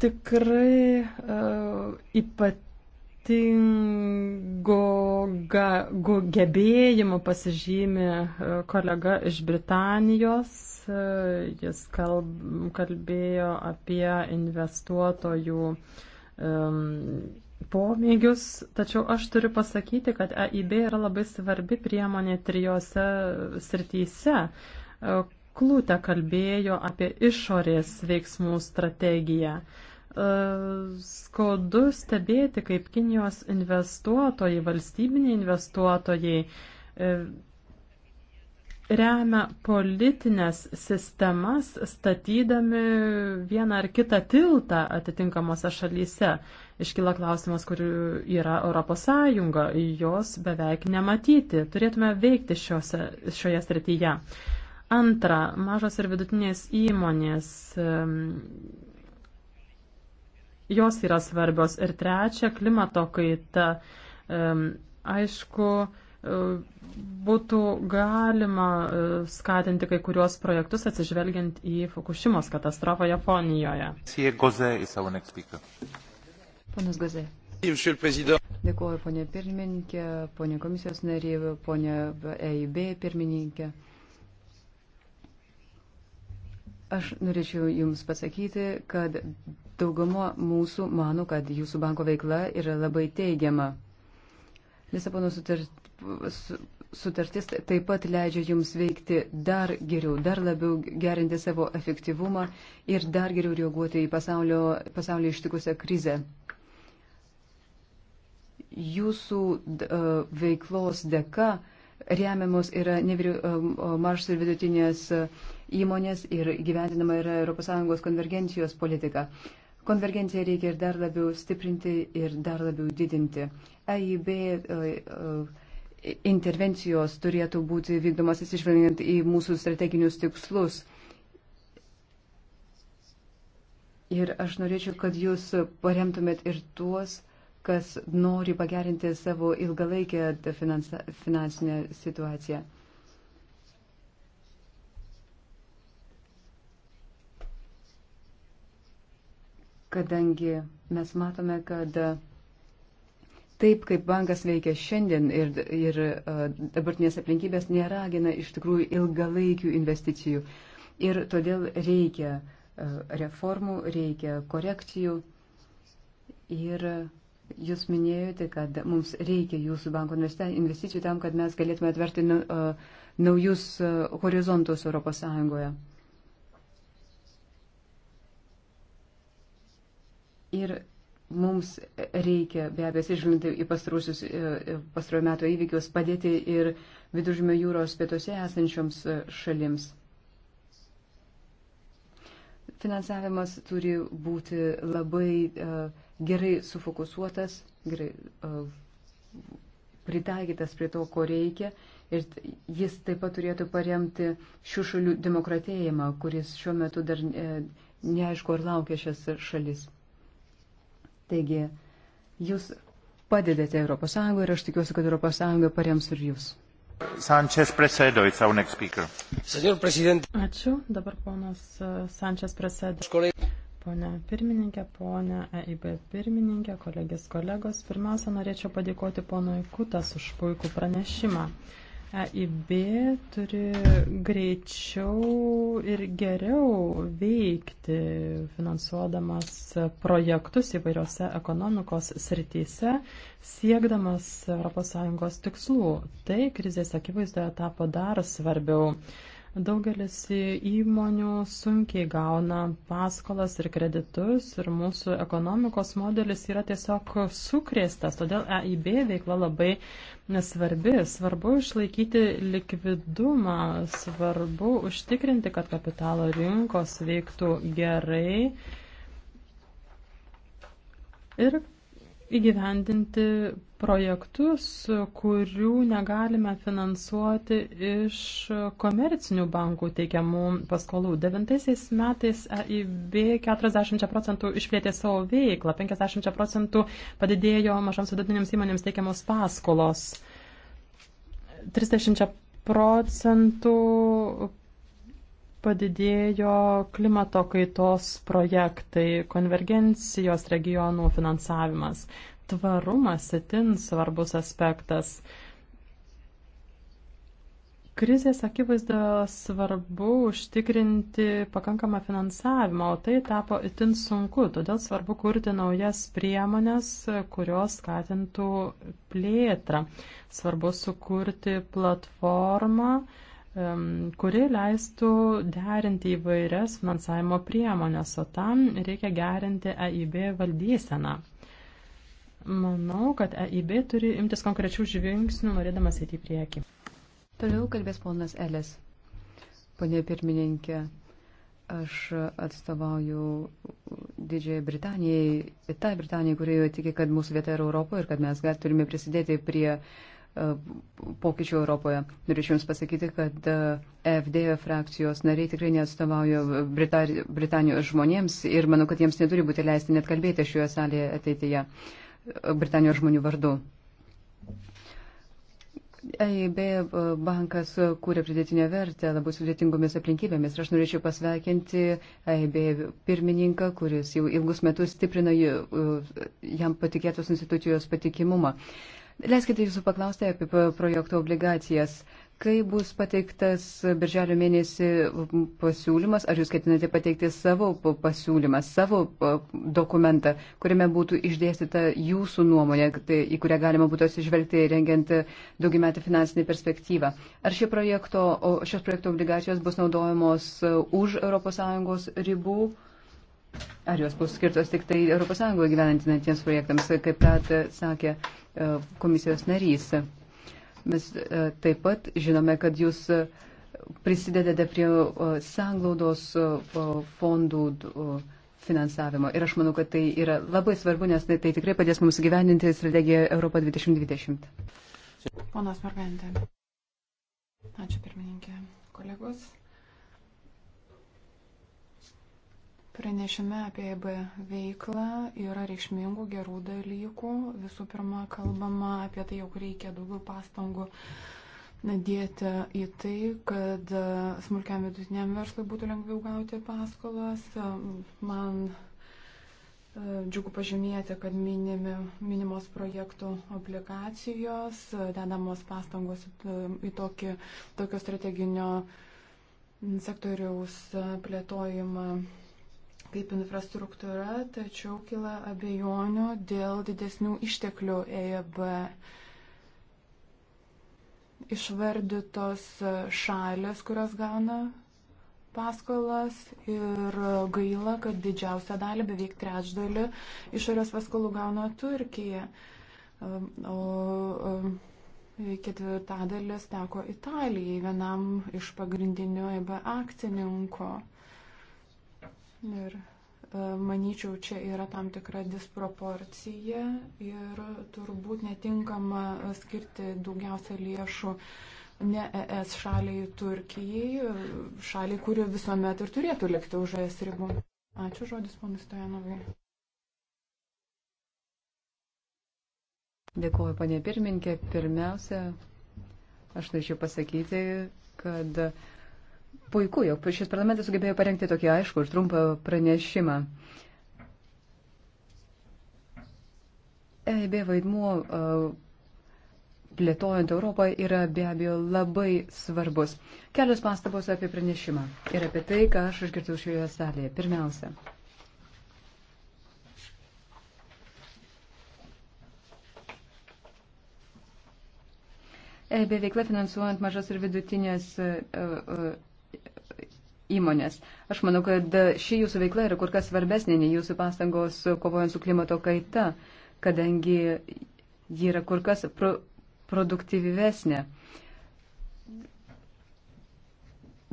Tikrai uh, ypatingai ypatingo gebėjimu pasižymi e, kolega iš Britanijos. E, jis kalb, kalbėjo apie investuotojų um, pomėgius, tačiau aš turiu pasakyti, kad EIB yra labai svarbi priemonė trijose srityse. E, Klūtė kalbėjo apie išorės veiksmų strategiją. Uh, E, skaudu stebėti, kaip Kinijos investuotojai, valstybiniai investuotojai e, remia politinės sistemas, statydami vieną ar kitą tiltą atitinkamose šalyse. Iškyla klausimas, kur yra Europos Sąjunga, jos beveik nematyti. Turėtume veikti šiose, šioje srityje. Antra, mažos ir vidutinės įmonės jos yra svarbios. Ir trečia, klimato kaita. Aišku, e, būtų galima e, skatinti kai kuriuos projektus atsižvelgiant į Fukushimos katastrofą Japonijoje. Ponas Gozė. Dėkuoju, ponė pirmininkė, ponė komisijos narė, ponė EIB pirmininkė. Aš norėčiau Jums pasakyti, kad Daugumo mūsų mano, kad jūsų banko veikla yra labai teigiama. Lisabono sutartis taip pat leidžia jums veikti dar geriau, dar labiau gerinti savo efektyvumą ir dar geriau reaguoti į pasaulio, pasaulio ištikusią krizę. Jūsų uh, veiklos dėka remiamos yra nevyriu, uh, maršas ir vidutinės uh, įmonės ir gyventinama yra ES konvergencijos politika. Uh, Konvergenciją reikia ir dar labiau stiprinti ir dar labiau didinti. AIB e e, e, intervencijos turėtų būti vykdomas atsižvelgiant į mūsų strateginius tikslus. Ir aš norėčiau, kad jūs paremtumėt ir tuos, kas nori pagerinti savo ilgalaikę finansinę situaciją. kadangi mes matome, kad taip, kaip bankas veikia šiandien ir, ir e, dabartinės aplinkybės neragina iš tikrųjų ilgalaikių investicijų. Ir todėl reikia e, reformų, reikia korekcijų. Ir jūs minėjote, kad mums reikia jūsų banko investicijų tam, kad mes galėtume atverti nu, e, naujus horizontus Europos Sąjungoje. Ir mums reikia, be abejo, atsižvelgiant į pastarusius e, e, pastarojo metų įvykius, padėti ir viduržmio jūros pietuose esančioms e, šalims. Finansavimas turi būti labai uh, gerai sufokusuotas, gerai uh, pritaikytas prie to, ko reikia. Ir jis taip pat turėtų paremti šių šalių demokratėjimą, kuris šiuo metu dar uh, neaišku, ar laukia šias šalis. Taigi, jūs padedate ES ir aš tikiuosi, kad ES parems ir jūs. Sančias Presedo, it's our next speaker. Senor Presidente. Ačiū, dabar ponas e, Sančias Presedo. Pone pirmininkė, pone EIB pirmininkė, kolegės kolegos, pirmiausia, norėčiau padėkoti ponui Kutas už puikų pranešimą. EIB turi greičiau ir geriau veikti, finansuodamas projektus įvairiose ekonomikos srityse, siekdamas ES tikslų. Tai krizės akivaizdoje tapo dar svarbiau. Daugelis įmonių sunkiai gauna paskolas ir kreditus ir mūsų ekonomikos modelis yra tiesiog sukrėstas, todėl EIB veikla labai svarbi. Svarbu išlaikyti likvidumą, svarbu užtikrinti, kad kapitalo rinkos veiktų gerai ir įgyvendinti projektus, kurių negalime finansuoti iš komercinių bankų teikiamų paskolų. Devintaisiais metais EIB 40 procentų išplėtė savo veiklą, 50 procentų padidėjo mažoms vidutinėms įmonėms teikiamos paskolos, 30 procentų Padidėjo klimato kaitos projektai, konvergencijos regionų finansavimas, tvarumas itin svarbus aspektas. Krizės akivaizdoje svarbu užtikrinti pakankamą finansavimą, o tai tapo itin sunku, todėl svarbu kurti naujas priemonės, kurios skatintų plėtrą. Svarbu sukurti platformą, uh, kuri leistų derinti įvairias finansavimo priemonės, o tam reikia gerinti EIB valdyseną. Manau, kad EIB turi imtis konkrečių žingsnių, norėdamas eiti į priekį. Toliau kalbės ponas Elis. Pone pirmininkė, aš atstovauju Didžiai Britanijai, tai Britanijai, kurioje tiki, kad mūsų vieta yra Europoje ir kad mes turime prisidėti prie uh, E, pokyčių Europoje. Norėčiau Jums pasakyti, kad e, FD frakcijos nariai tikrai neatstovauja Britar Britanijos žmonėms ir manau, kad jiems neturi būti leisti net kalbėti šioje salėje ateityje e, Britanijos žmonių vardu. EIB bankas kūrė pridėtinę vertę labai sudėtingomis aplinkybėmis ir aš norėčiau pasveikinti EIB pirmininką, kuris jau ilgus metus stiprina jam patikėtos institucijos patikimumą. Uh, Leiskite jūsų paklausti apie projektų obligacijas. Kai bus pateiktas birželio mėnesį pasiūlymas, ar jūs ketinate pateikti savo pasiūlymą, savo dokumentą, kuriame būtų išdėstyta jūsų nuomonė, tai, į kurią galima būtų atsižvelgti rengiant daugiametį finansinį perspektyvą? Ar šie projekto, šios projekto obligacijos bus naudojamos už ES ribų? Ar jos bus skirtos tik tai ES gyvenantinantiems projektams, kaip tą e, sakė e, komisijos narys. Mes e, taip pat žinome, kad jūs prisidedate prie sanglaudos fondų finansavimo. Ir aš manau, kad tai yra labai svarbu, nes tai, tai tikrai padės mums gyveninti strategiją Europą 2020. Ponas Morgantė. Ačiū pirmininkė. Kolegos. Pranešime apie EB veiklą yra reikšmingų gerų dalykų. Visų pirma, kalbama apie tai, jog reikia daugiau pastangų dėti į tai, kad smulkiam vidutiniam verslui būtų lengviau gauti paskolas. Man e, Džiugu pažymėti, kad minimi, minimos projektų obligacijos, dedamos pastangos e, į tokį, tokio strateginio sektoriaus plėtojimą kaip infrastruktūra, tačiau kila abejonių dėl didesnių išteklių EIB išvardytos šalės, kurios gauna paskolas ir gaila, kad didžiausią dalį, beveik trečdalį išorės paskolų gauna Turkija, um, o um, ketvirtadalis teko Italijai, vienam iš pagrindinių EB akcininko. Ir e, manyčiau, čia yra tam tikra disproporcija ir turbūt netinkama skirti daugiausia lėšų ne ES šaliai Turkijai, šaliai, kuri visuomet ir turėtų likti už ES ribų. Ačiū žodis, ponas Stojanovai. Dėkuoju, panė pirmininkė. Pirmiausia, aš norėčiau pasakyti, kad uh, puiku, jog šis parlamentas sugebėjo parengti tokį aišku ir trumpą pranešimą. EIB vaidmuo e, plėtojant Europą yra be abejo labai svarbus. Kelios pastabos apie pranešimą ir apie tai, ką aš išgirdau šioje salėje. Pirmiausia. EIB veikla finansuojant mažas ir vidutinės uh, uh, įmonės. Aš manau, kad ši jūsų veikla yra kur kas svarbesnė nei jūsų pastangos kovojant su klimato kaita, kadangi ji yra kur kas pro produktyvesnė.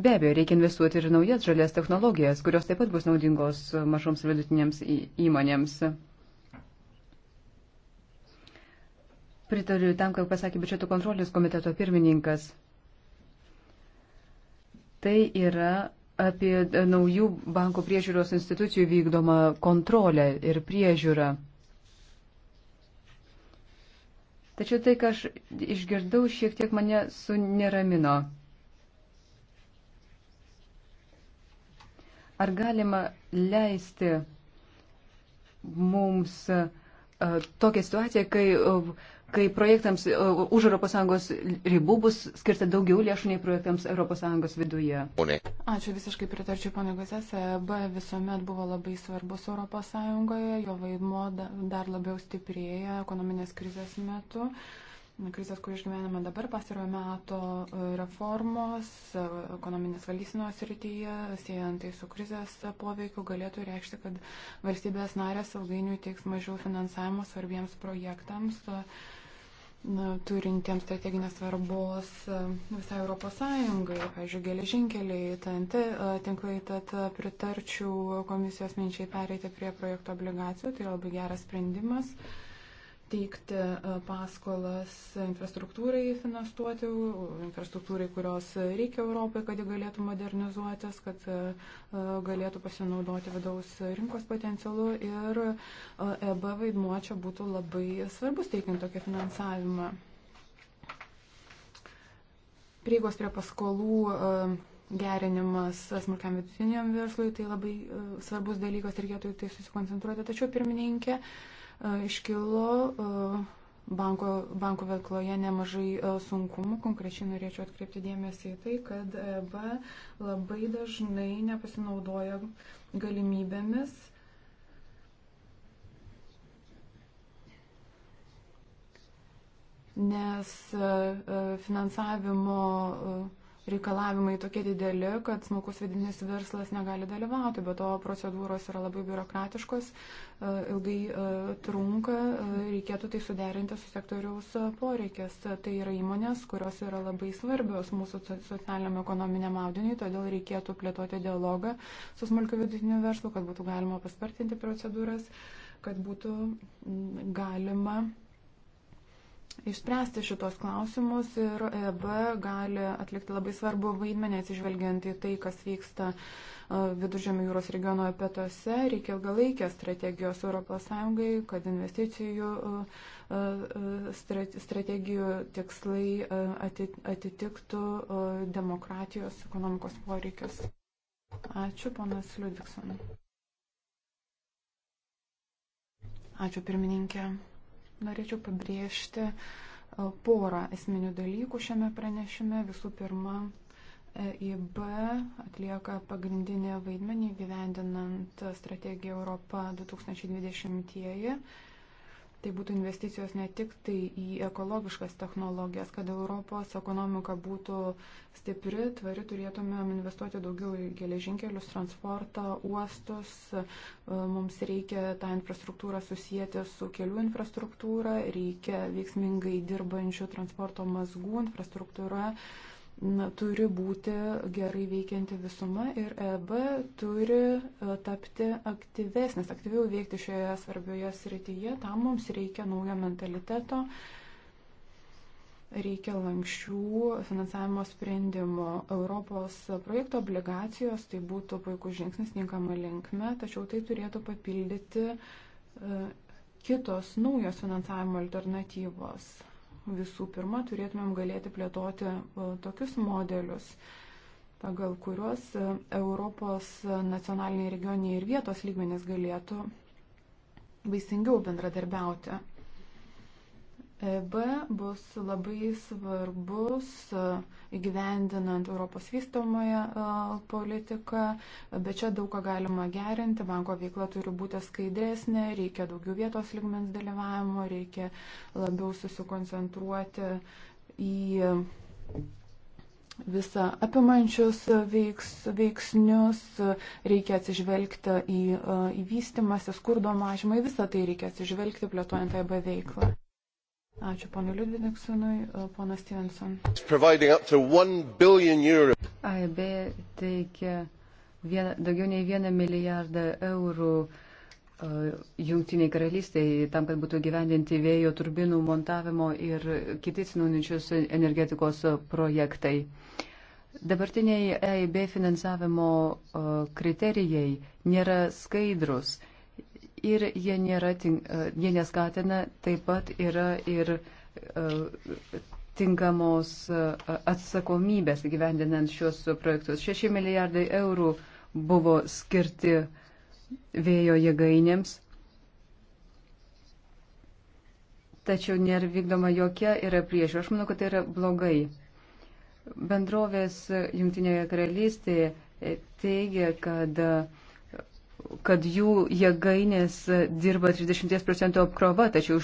Be abejo, reikia investuoti ir naujas žalės technologijas, kurios taip pat bus naudingos mažoms ir vidutinėms įmonėms. Pritariu tam, ką pasakė biudžeto kontrolės komiteto pirmininkas tai yra apie e, naujų banko priežiūros institucijų vykdomą kontrolę ir priežiūrą. Tačiau tai, ką aš išgirdau, šiek tiek mane suneramino. Ar galima leisti mums e, tokią situaciją, kai e, kai projektams e, už ES ribų bus skirta daugiau lėšų nei projektams ES viduje. Ačiū visiškai pritarčiau, pana Gusės. EB visuomet buvo labai svarbus ES, jo vaidmo dar labiau stiprėja ekonominės krizės metu. Krizės, kur išgyvename dabar, pastarojo meto e, reformos, e, ekonominės valdysinos rytyje, siejant tai su krizės poveikiu, galėtų reikšti, kad valstybės narės ilgainiui teiks mažiau finansavimo svarbiems projektams. To, turintiems strateginės svarbos e, visai Europos Sąjungai, pavyzdžiui, geležinkeliai, TNT e, tinklai, tad e, pritarčiau komisijos minčiai pereiti prie projekto obligacijų, tai labai geras sprendimas. Uh, teikti e, paskolas infrastruktūrai finansuoti, infrastruktūrai, kurios reikia Europai, kad ji galėtų modernizuotis, kad e, e, galėtų pasinaudoti vidaus rinkos potencialu ir EB vaidmuo čia būtų labai svarbus teikiant tokį finansavimą. Prieigos prie paskolų gerinimas smulkiam vidutiniam verslui tai labai svarbus dalykas ir reikėtų į tai susikoncentruoti. Tačiau pirmininkė, uh, iškilo banko, banko veikloje nemažai sunkumų. Konkrečiai norėčiau atkreipti dėmesį į tai, kad EB labai dažnai nepasinaudoja galimybėmis. Nes finansavimo reikalavimai tokie dideli, kad smulkus vidinis verslas negali dalyvauti, bet to procedūros yra labai biurokratiškos, e, ilgai e, trunka, e, reikėtų tai suderinti su sektoriaus poreikės. Tai yra įmonės, kurios yra labai svarbios mūsų socialiniam ekonominiam audiniui, todėl reikėtų plėtoti dialogą su smulkiu vidiniu verslu, kad būtų galima paspartinti procedūras, kad būtų galima išspręsti šitos klausimus ir EB gali atlikti labai svarbu vaidmenį atsižvelgiant į tai, kas vyksta e, Viduržėmio jūros regiono pietuose. Reikia ilgalaikės strategijos ES, kad investicijų e, e, strategijų tikslai atitiktų demokratijos ekonomikos poreikius. Ačiū, ponas Liudvikson. Ačiū, pirmininkė. Norėčiau pabrėžti e, porą esminių dalykų šiame pranešime. Visų pirma, EIB atlieka pagrindinį vaidmenį gyvendinant strategiją Europą 2020. -tieji Tai būtų investicijos ne tik tai į ekologiškas technologijas, kad Europos ekonomika būtų stipri, tvari, turėtumėm investuoti daugiau į geležinkelius, transportą, uostus. E, mums reikia tą infrastruktūrą susijęti su kelių infrastruktūra, reikia veiksmingai dirbančių transporto mazgų infrastruktūra. Uh, na, turi būti gerai veikianti visuma ir EB turi e, tapti aktyvesnis, aktyviau veikti šioje svarbioje srityje. Tam mums reikia naujo mentaliteto, reikia lankščių finansavimo sprendimo. Europos projekto obligacijos tai būtų puikus žingsnis tinkama linkme, tačiau tai turėtų papildyti e, kitos naujos finansavimo alternatyvos visų pirma turėtumėm galėti plėtoti e, tokius modelius, pagal kuriuos e, Europos nacionaliniai regioniai ir vietos lygmenys galėtų vaisingiau bendradarbiauti. E B bus labai svarbus e, įgyvendinant Europos vystomąją e, politiką, bet čia daug ką galima gerinti, banko veikla turi būti skaidresnė, reikia daugiau vietos ligmens dalyvavimo, reikia labiau susikoncentruoti į visą apimančius veiks, veiksnius, reikia atsižvelgti į, į vystimąsi, skurdo mažymą, į visą tai reikia atsižvelgti plėtojant EB veiklą. Ačiū ponui Liudviniksenui, e, ponas Stevenson. AIB teikia viena, daugiau nei vieną milijardą eurų uh, jungtiniai karalystiai tam, kad būtų gyvendinti vėjo turbinų montavimo ir kiti atsinaujinančios energetikos projektai. Dabartiniai AIB finansavimo uh, kriterijai nėra skaidrus. Uh, ir jie, nėra, e, jie neskatina taip pat yra ir e, tinkamos e, atsakomybės gyvendinant šios projektus. 6 milijardai eurų buvo skirti vėjo jėgainėms, tačiau nėra vykdoma jokia yra priežiūra. Aš manau, kad tai yra blogai. Bendrovės Junktinėje karalystėje teigia, kad uh, kad jų jėgainės dirba 30 procentų apkrova, tačiau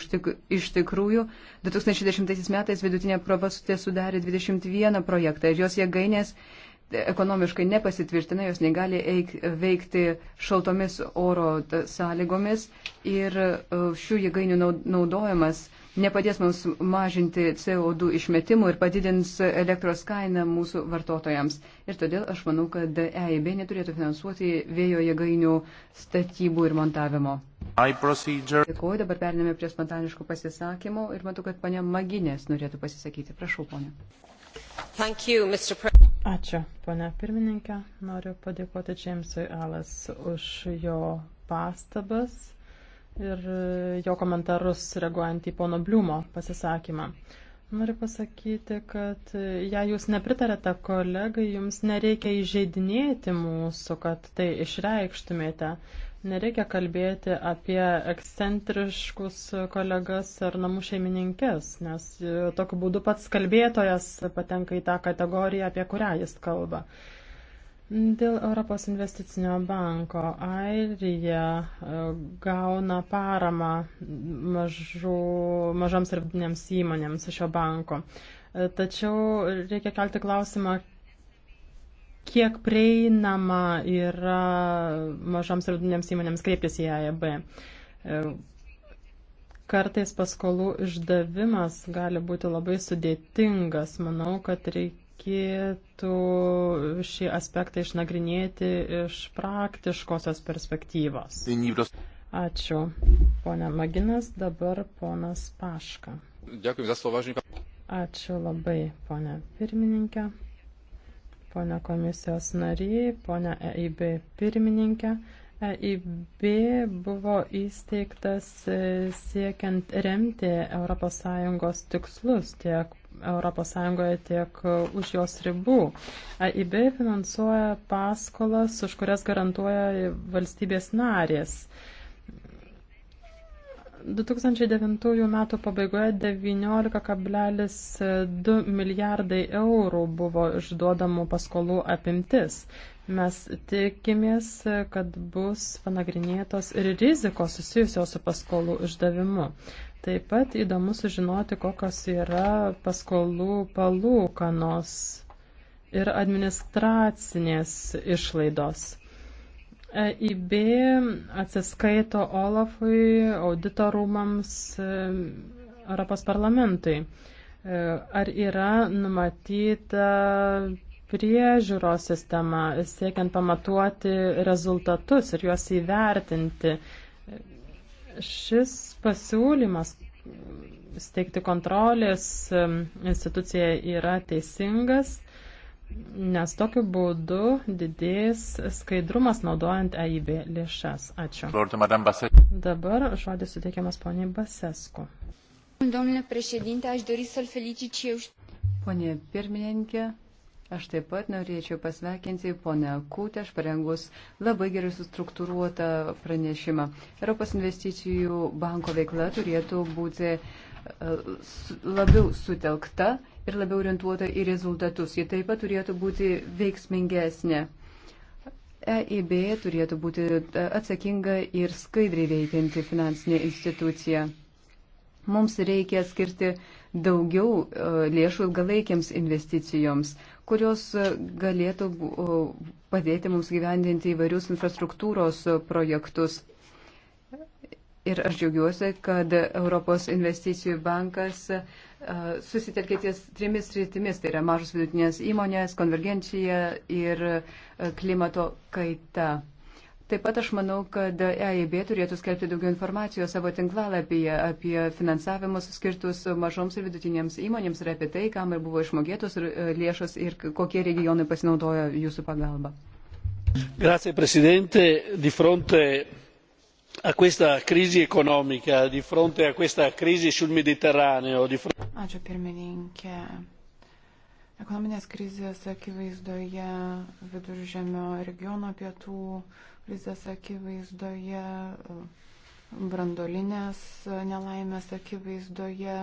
iš tikrųjų 2010 metais vidutinė apkrova sudarė 21 projektą ir jos jėgainės ekonomiškai nepasitvirtina, jos negali eik, veikti šaltomis oro sąlygomis ir e, šių jėgainių naudojimas uh, nepadės mums mažinti CO2 išmetimų ir padidins elektros kainą mūsų vartotojams. Ir todėl aš manau, kad EIB neturėtų finansuoti vėjo jėgainių statybų ir montavimo. Dėkuoju, dabar periname prie spontaniškų pasisakymų ir matau, kad ponia Maginės norėtų pasisakyti. Prašau, ponia. You, Ačiū, ponia pirmininkė. Noriu padėkoti Džeimsui Alas už jo pastabas ir e, jo komentarus reaguojant į pono Bliumo pasisakymą. Noriu pasakyti, kad e, jei jūs nepritarėte kolegai, jums nereikia įžeidinėti mūsų, kad tai išreikštumėte. Nereikia kalbėti apie ekscentriškus kolegas ar namų šeimininkės, nes e, tokiu būdu pats kalbėtojas patenka į tą kategoriją, apie kurią jis kalba. Dėl Europos investicinio banko Airija e, gauna paramą mažų, mažoms ir vidinėms įmonėms šio banko. E, tačiau reikia kelti klausimą, kiek prieinama yra mažoms ir vidinėms įmonėms kreiptis į AEB. E, kartais paskolų išdavimas gali būti labai sudėtingas. Manau, kad reikia reikėtų šį aspektą išnagrinėti iš praktiškosios perspektyvos. Ačiū, ponia Maginas, dabar ponas Paška. Dėkui za slovažinką. Ačiū labai, ponia pirmininkė, ponia komisijos nariai, ponia EIB pirmininkė. EIB buvo įsteigtas e, siekiant remti ES tikslus tiek ES, tiek e, už jos ribų. EIB finansuoja paskolas, už kurias garantuoja valstybės narės. 2009 metų pabaigoje 19,2 milijardai eurų buvo išduodamų paskolų apimtis. Mes tikimės, kad bus panagrinėtos ir rizikos susijusios su paskolų išdavimu. Taip pat įdomu sužinoti, kokios yra paskolų palūkanos ir administracinės išlaidos. EIB atsiskaito Olafui, auditorumams, e, Europos parlamentui. E, ar yra numatyta priežiūros sistema, siekiant pamatuoti rezultatus ir juos įvertinti Šis pasiūlymas steigti kontrolės instituciją yra teisingas, nes tokiu būdu didės skaidrumas naudojant EIB lėšas. Ačiū. Dabar žodis suteikiamas poniai Basesku. Pone pirmininkė, Aš taip pat norėčiau pasveikinti ponę Kūtę, aš parengus labai gerai sustruktūruotą pranešimą. Europos investicijų banko veikla turėtų būti e, labiau sutelkta ir labiau orientuota į rezultatus. Ji taip pat turėtų būti veiksmingesnė. EIB turėtų būti e, atsakinga ir skaidriai veikianti finansinė institucija. Mums reikia skirti daugiau e, lėšų ilgalaikiams investicijoms, kurios e, galėtų padėti mums gyvendinti įvairius infrastruktūros e, projektus. Ir aš džiaugiuosi, kad Europos investicijų bankas susitelkė ties trimis rytimis, tai yra mažos vidutinės įmonės, konvergencija ir klimato kaita. Taip pat aš manau, kad EIB turėtų skelbti daugiau informacijos savo tinklalapyje apie finansavimus skirtus mažoms ir vidutinėms įmonėms ir apie tai, kam ir buvo išmokėtos e, lėšos ir kokie regionai pasinaudojo jūsų pagalba. Grazie Presidente, di fronte a questa crisi economica, di fronte a questa crisi sul Mediterraneo. Di fronte... Ačiū pirmininkė. Ekonominės krizės akivaizdoje viduržėmio regiono pietų krizės akivaizdoje, brandolinės nelaimės akivaizdoje.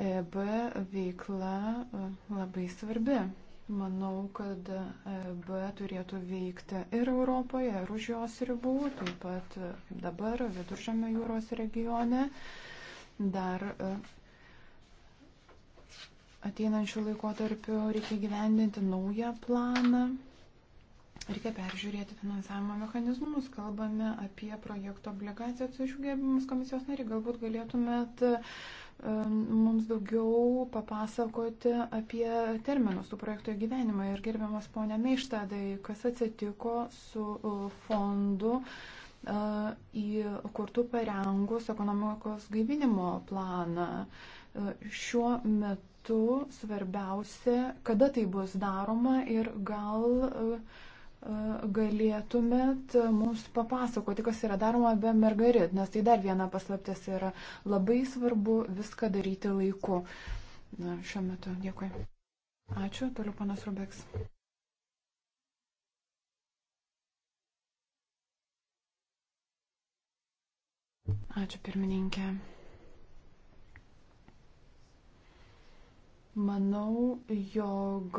EB veikla e, labai svarbi. Manau, kad EB turėtų veikti ir Europoje, ir už jos ribų, taip pat dabar Viduržėmio jūros regione. Dar e, ateinančių laikotarpių reikia gyvendinti naują planą Reikia peržiūrėti finansavimo mechanizmus. Kalbame apie projekto obligacijas iš gerbimus komisijos nariai. Galbūt galėtumėt um, mums daugiau papasakoti apie terminus tų projektų gyvenimą. Ir gerbiamas ponia Meištadai, kas atsitiko su uh, fondu uh, įkurtų parengus ekonomikos gaivinimo planą. Uh, šiuo metu svarbiausia, kada tai bus daroma ir gal uh, galėtumėt mums papasakoti, kas yra daroma be Margarit, nes tai dar viena paslaptis yra labai svarbu viską daryti laiku. Na, šiuo metu dėkui. Ačiū, toliau panas Rubeks. Ačiū pirmininkė. Manau, jog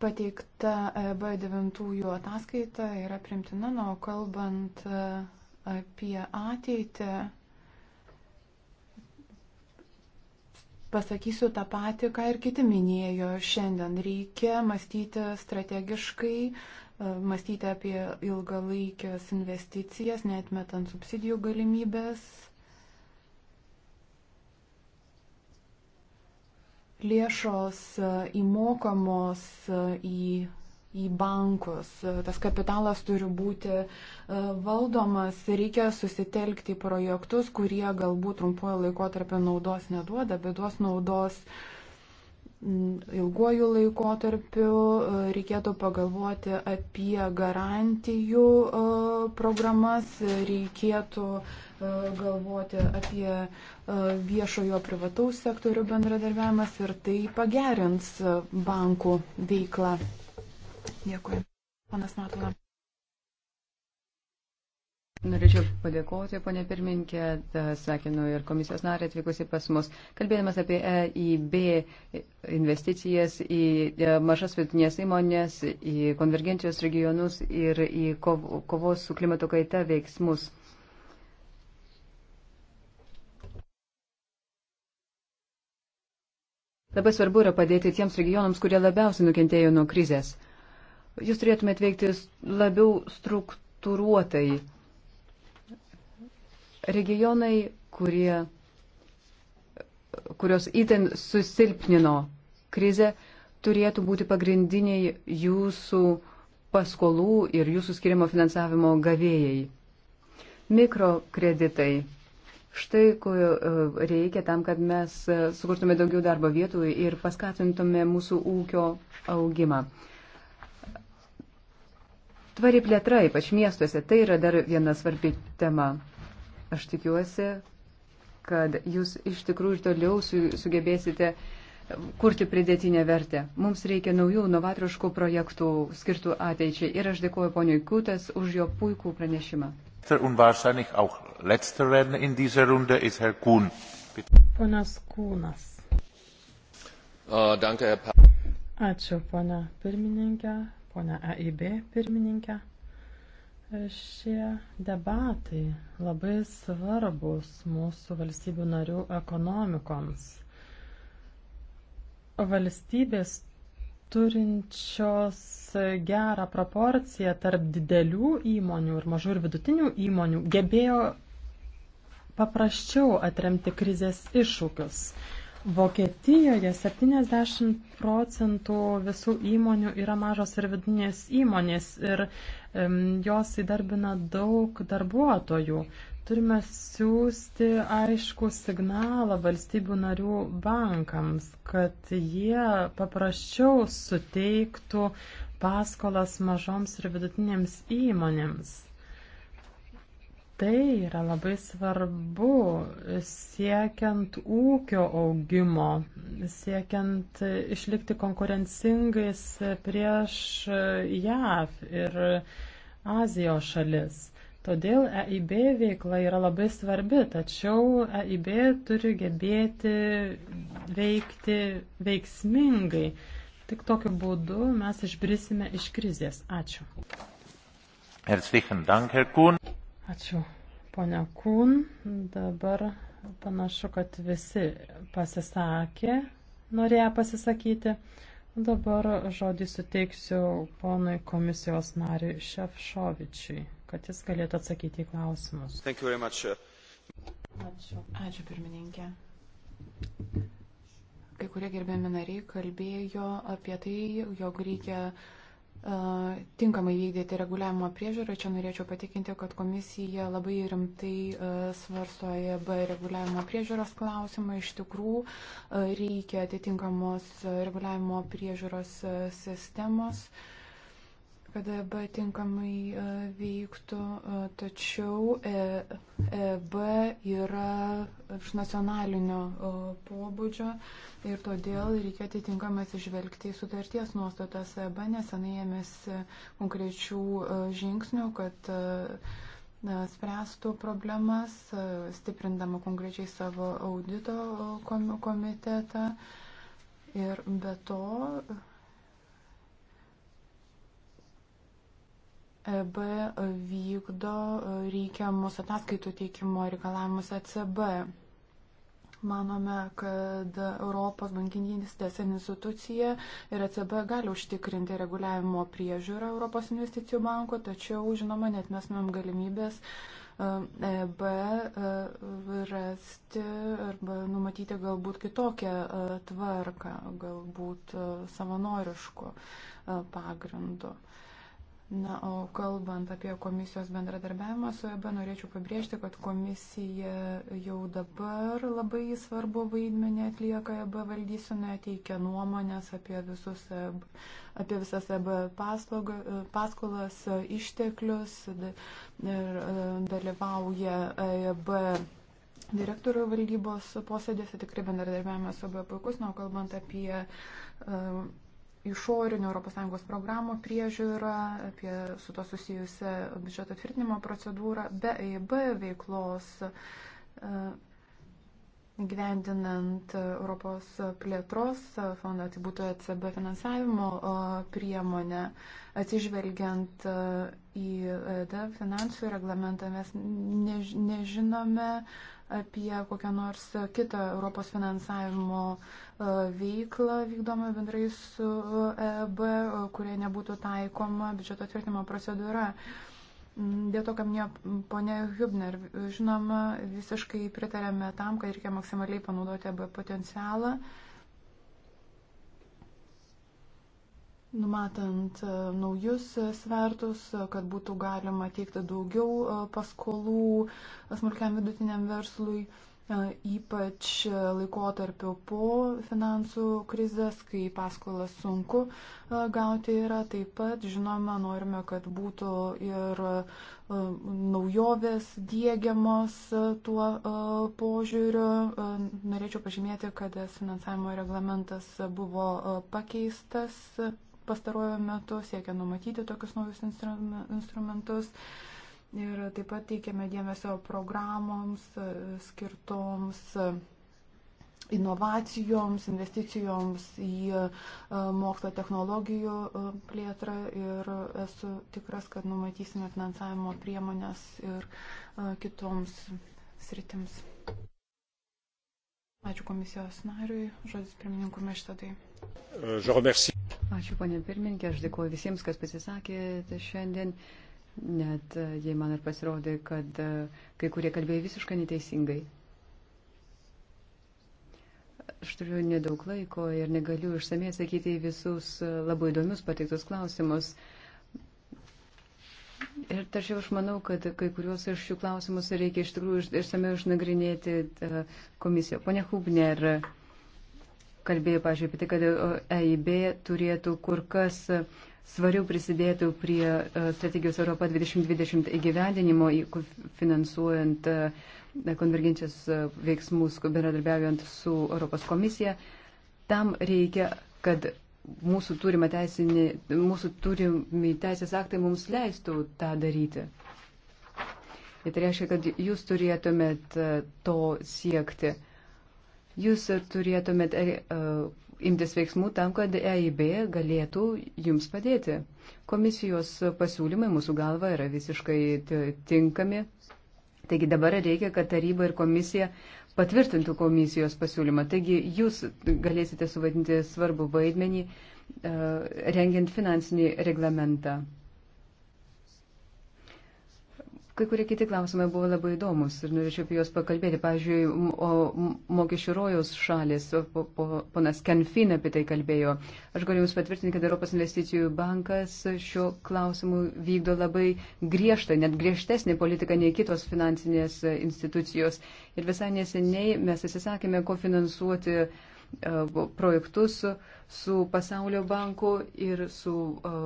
pateikta e, B9 ataskaita yra primtina, na, o kalbant e, apie ateitį, pasakysiu tą patį, ką ir kiti minėjo šiandien. Reikia mąstyti strategiškai, e, mąstyti apie ilgalaikės investicijas, netmetant subsidijų galimybės lėšos e, įmokamos e, į, į bankus. E, tas kapitalas turi būti valdomas, reikia susitelkti projektus, kurie galbūt trumpuoju laikotarpiu naudos neduoda, bet duos naudos uh, ilguoju laikotarpiu e, reikėtų pagalvoti apie garantijų e, programas, reikėtų e, galvoti apie viešojo privataus sektorių bendradarbiavimas ir tai pagerins bankų veiklą. Dėkui. Panas Matula. Norėčiau padėkoti, ponė pirmininkė, sveikinu ir komisijos narį atvykusi pas mus. Kalbėdamas apie EIB investicijas į e, mažas vidutinės įmonės, į konvergencijos regionus ir į kovos su klimato kaita veiksmus. Labai svarbu yra padėti tiems regionams, kurie labiausiai nukentėjo nuo krizės. Jūs turėtumėte veikti labiau struktūruotai regionai, kurie, kurios įten susilpnino krizę, turėtų būti pagrindiniai jūsų paskolų ir jūsų skiriamo finansavimo gavėjai. Mikrokreditai. Štai ko e, reikia tam, kad mes e, sukurtume daugiau darbo vietų ir paskatintume mūsų ūkio augimą. Tvari plėtra, ypač miestuose, tai yra dar viena svarbi tema. Aš tikiuosi, kad jūs iš tikrųjų ir toliau su, sugebėsite kurti pridėtinę vertę. Mums reikia naujų, novatoriškų projektų skirtų ateičiai. Ir aš dėkuoju ponioj Kutas už jo puikų pranešimą. Ponas Kūnas. Ačiū, ponia pirmininkė, ponia EIB pirmininkė. Šie debatai labai svarbus mūsų valstybių narių ekonomikoms. Valstybės turinčios gerą proporciją tarp didelių įmonių ir mažų ir vidutinių įmonių gebėjo paprasčiau atremti krizės iššūkius. Vokietijoje 70 procentų visų įmonių yra mažos ir vidinės įmonės ir um, jos įdarbina daug darbuotojų. Turime siūsti aišku signalą valstybių narių bankams, kad jie paprasčiau suteiktų paskolas mažoms ir vidutinėms įmonėms. Tai yra labai svarbu siekiant ūkio augimo, siekiant išlikti konkurencingais prieš JAV ir Azijos šalis. Todėl EIB veikla yra labai svarbi, tačiau EIB turi gebėti veikti veiksmingai. Tik tokiu būdu mes išbrisime iš krizės. Ačiū. Herzlichen Dank, Herr Kuhn. Ačiū, ponia Kūn. Dabar panašu, kad visi pasisakė, norėjo pasisakyti. Dabar žodį suteiksiu ponui komisijos nariui Šefšovičiui, kad jis galėtų atsakyti į klausimus. Uh, Ačiū. Ačiū, pirmininkė. Kai kurie gerbėmi nariai kalbėjo apie tai, jog reikia uh, tinkamai vykdyti reguliavimo priežiūrą. Čia norėčiau patikinti, kad komisija labai rimtai svarsto EB reguliavimo priežiūros klausimą. Iš tikrųjų, reikia atitinkamos reguliavimo priežiūros sistemos. Uh, EKDB tinkamai e, veiktų, e, tačiau EB e yra iš nacionalinio pobūdžio ir todėl reikia atitinkamai atsižvelgti į sutarties nuostatas. EB nesenai ėmėsi konkrečių žingsnių, kad spręstų problemas, stiprindama konkrečiai savo audito komitetą. Ir be to EB vykdo e, reikiamus ataskaitų teikimo reikalavimus ECB. Manome, kad Europos bankinystės institucija ir ECB gali užtikrinti reguliavimo priežiūrą Europos investicijų banko, tačiau, žinoma, net mes mėm galimybės EB e e, rasti arba numatyti galbūt kitokią tvarką, galbūt savanoriškų pagrindų. Na, o kalbant apie komisijos bendradarbiavimą su EB, norėčiau pabrėžti, kad komisija jau dabar labai svarbu vaidmenį atlieka EB valdysenoje, teikia nuomonės apie, visus, e apie visas EB paslauga, e, paskolas, e, išteklius ir dalyvauja EB direktorių valdybos posėdėse tikrai bendradarbiavimas su EB puikus, na, o kalbant apie išorinių ES programų priežiūrą, apie su to susijusią biudžeto tvirtinimo procedūrą, be EIB veiklos e, gyvendinant Europos plėtros fondą, tai būtų ECB finansavimo e, priemonė, atsižvelgiant e, į finansų reglamentą, mes nežinome, apie kokią nors kitą Europos finansavimo e, veiklą vykdomą bendrai su EB, e kurie nebūtų taikoma biudžeto tvirtimo procedūra. Mm, dėl to, ką minėjo ponė Hübner, žinoma, visiškai pritarėme tam, kad reikia maksimaliai panaudoti EB potencialą. Uh, numatant e, naujus svertus, kad būtų galima teikti daugiau e, paskolų e, smulkiam vidutiniam verslui, ypač laikotarpiu po finansų krizės, kai paskolas sunku gauti yra. Taip pat, žinoma, norime, kad būtų ir naujovės dėgiamos tuo požiūriu. Norėčiau pažymėti, kad finansavimo reglamentas buvo pakeistas pastaruoju metu, siekia numatyti tokius naujus instrumentus. Ir taip pat teikiame dėmesio programoms e, skirtoms e, inovacijoms, investicijoms į e, mokslo technologijų plėtrą ir esu tikras, kad numatysime finansavimo priemonės ir kitoms sritims. Ačiū komisijos nariui, žodis pirmininkų meštadai. E, Ačiū, ponė pirmininkė, aš dėkuoju visiems, kas pasisakė šiandien. Net e, jei man ir pasirodė, kad e, kai kurie kalbėjo visiškai neteisingai. Aš turiu nedaug laiko ir negaliu išsamei atsakyti į visus labai įdomius pateiktus klausimus. Uh, Ir tačiau aš manau, kad kai kuriuos iš šių klausimus reikia iš tikrųjų išsamei išnagrinėti e, komisiją. Pone Hubner kalbėjo, pažiūrėjau, apie tai, kad EIB e turėtų kur kas svariau prisidėtų prie e, strategijos Europa 2020 įgyvendinimo, finansuojant konvergencijos veiksmus, bendradarbiaujant su Europos komisija. Tam reikia, kad mūsų, teisinė, mūsų turimi teisės aktai mums leistų tą daryti. Ir tai reiškia, kad jūs turėtumėt e, to siekti. Jūs turėtumėt e, e, imtis veiksmų tam, kad EIB galėtų jums padėti. Komisijos pasiūlymai mūsų galva yra visiškai tinkami. Taigi dabar reikia, kad taryba ir komisija patvirtintų komisijos pasiūlymą. Taigi jūs galėsite suvadinti svarbų vaidmenį e, rengiant finansinį reglamentą. Kai kurie kiti klausimai buvo labai įdomus ir norėčiau apie juos pakalbėti. Pavyzdžiui, mokesčių rojos šalis, ponas Kenfin apie tai kalbėjo. Aš galiu Jums patvirtinti, kad Europos investicijų bankas šiuo klausimu vykdo labai griežtą, net griežtesnį politiką nei kitos finansinės institucijos. Ir visai neseniai mes atsisakėme kofinansuoti e, projektus su Pasaulio banku ir su e,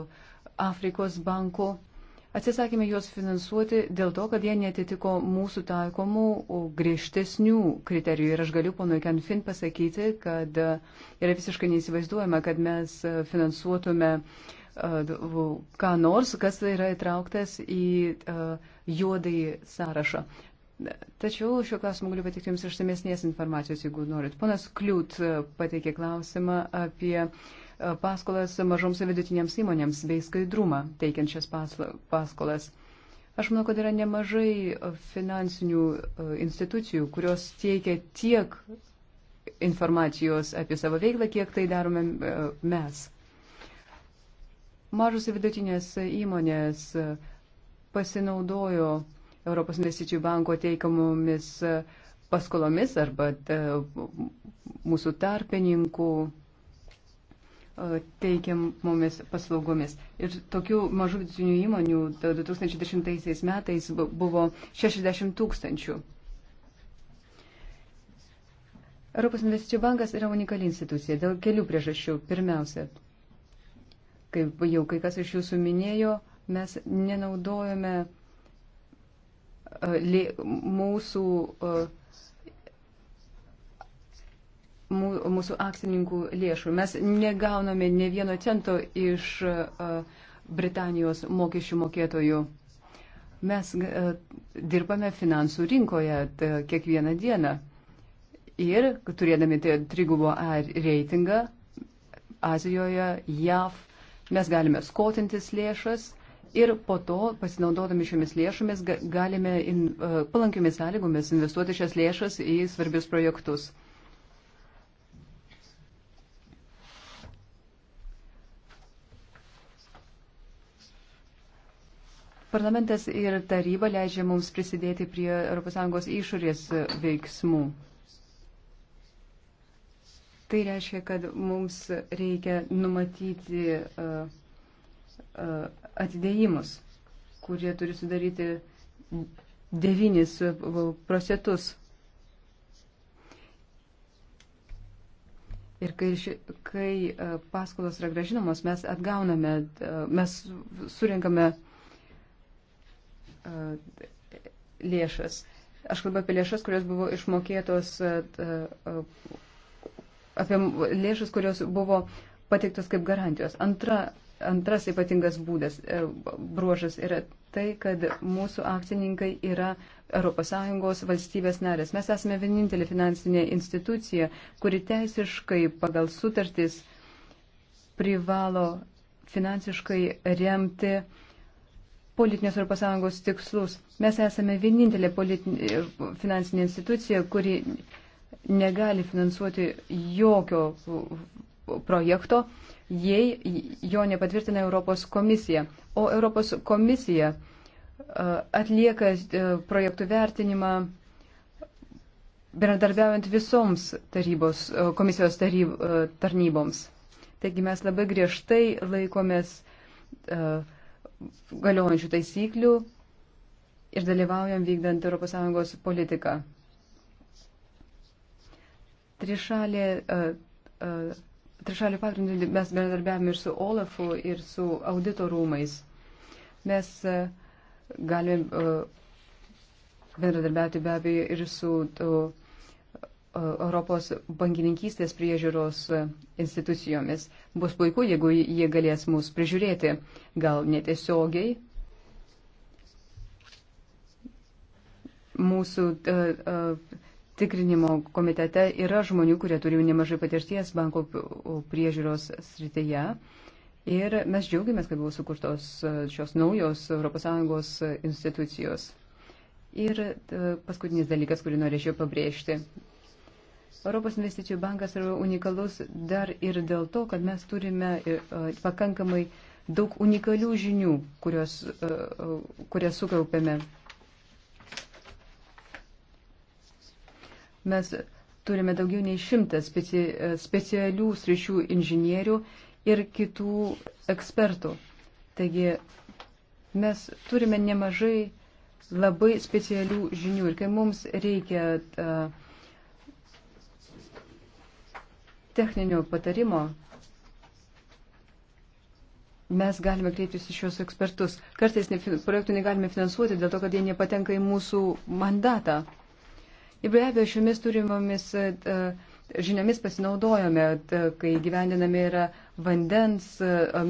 Afrikos banku. Atsisakėme juos finansuoti dėl to, kad jie netitiko mūsų taikomų griežtesnių kriterijų. Ir aš galiu ponui Kenfin pasakyti, kad e, yra visiškai neįsivaizduojama, kad mes e, finansuotume e, ką nors, kas yra įtrauktas į juodai sąrašą. Tačiau šiuo klausimu galiu pateikti Jums išsamesnės informacijos, jeigu norit. Ponas Kliūt pateikė klausimą apie uh, paskolas mažoms ir vidutinėms įmonėms bei skaidrumą teikiančias paskolas. Aš manau, kad yra nemažai finansinių e, institucijų, kurios teikia tiek informacijos apie savo veiklą, kiek tai darome e, mes. Mažos ir vidutinės įmonės e, pasinaudojo Europos investicijų banko teikamomis paskolomis arba mūsų tarpininkų E, teikiamomis paslaugomis. Ir tokių mažų vidutinių įmonių 2010 metais buvo 60 tūkstančių. Europos investicijų bankas yra unikali institucija dėl kelių priežasčių. Pirmiausia, kaip jau kai kas iš jūsų minėjo, mes nenaudojame e, lė, mūsų uh, mūsų akcininkų lėšų. Mes negauname ne vieno cento iš Britanijos mokesčių mokėtojų. Mes dirbame finansų rinkoje kiekvieną dieną. Ir turėdami trigubo A reitingą Azijoje, JAV, mes galime skotintis lėšas ir po to, pasinaudodami šiomis lėšomis, galime in, palankiomis sąlygomis investuoti šias lėšas į svarbius projektus. Parlamentas ir taryba leidžia mums prisidėti prie ES išorės veiksmų. Tai reiškia, kad mums reikia numatyti uh, uh, atidėjimus, kurie turi sudaryti devynis procentus. Ir kai, ši, kai paskolos yra gražinamos, mes atgauname, mes surinkame E, lėšas. Aš kalbu apie lėšas, kurios buvo išmokėtos, e, e, apie lėšas, kurios buvo pateiktos kaip garantijos. Antra, antras ypatingas būdas, bruožas yra tai, kad mūsų akcininkai yra ES valstybės narės. Mes esame vienintelė finansinė institucija, kuri teisiškai pagal sutartis privalo finansiškai remti uh, politinius Europos Sąjungos tikslus. Mes esame vienintelė politinė, e, finansinė institucija, kuri negali finansuoti jokio projekto, jei jo nepatvirtina Europos komisija. O Europos komisija e, atlieka e, projektų vertinimą bendradarbiaujant visoms tarybos, komisijos taryb, tarnyboms. Taigi mes labai griežtai laikomės uh, galiojančių taisyklių ir dalyvaujam vykdant ES politiką. Trišalė, trišalė pagrindų mes bendradarbiavame ir su Olafu, ir su audito rūmais. Mes galime bendradarbiauti be abejo ir su. Uh, E, Europos bankininkystės priežiūros institucijomis. Bus puiku, jeigu jie galės mus prižiūrėti, gal netiesiogiai. Mūsų uh, uh, tikrinimo komitete yra žmonių, kurie turi nemažai patirties banko priežiūros srityje. Ir mes džiaugiamės, kad buvo sukurtos šios naujos ES institucijos. Ir paskutinis dalykas, kurį norėčiau pabrėžti, Europos investicijų bankas yra unikalus dar ir dėl to, kad mes turime e, e, pakankamai daug unikalių žinių, kurios, e, kurias sukaupėme. Mes turime daugiau nei šimtą speci, specialių sričių inžinierių ir kitų ekspertų. Taigi mes turime nemažai labai specialių žinių ir kai mums reikia uh, techninio patarimo mes galime kreiptis į šios ekspertus. Kartais ne, projektų negalime finansuoti dėl to, kad jie nepatenka į mūsų mandatą. Ir be abejo, šiomis turimomis e, e, žiniomis pasinaudojame, e, kai gyvendinami yra vandens,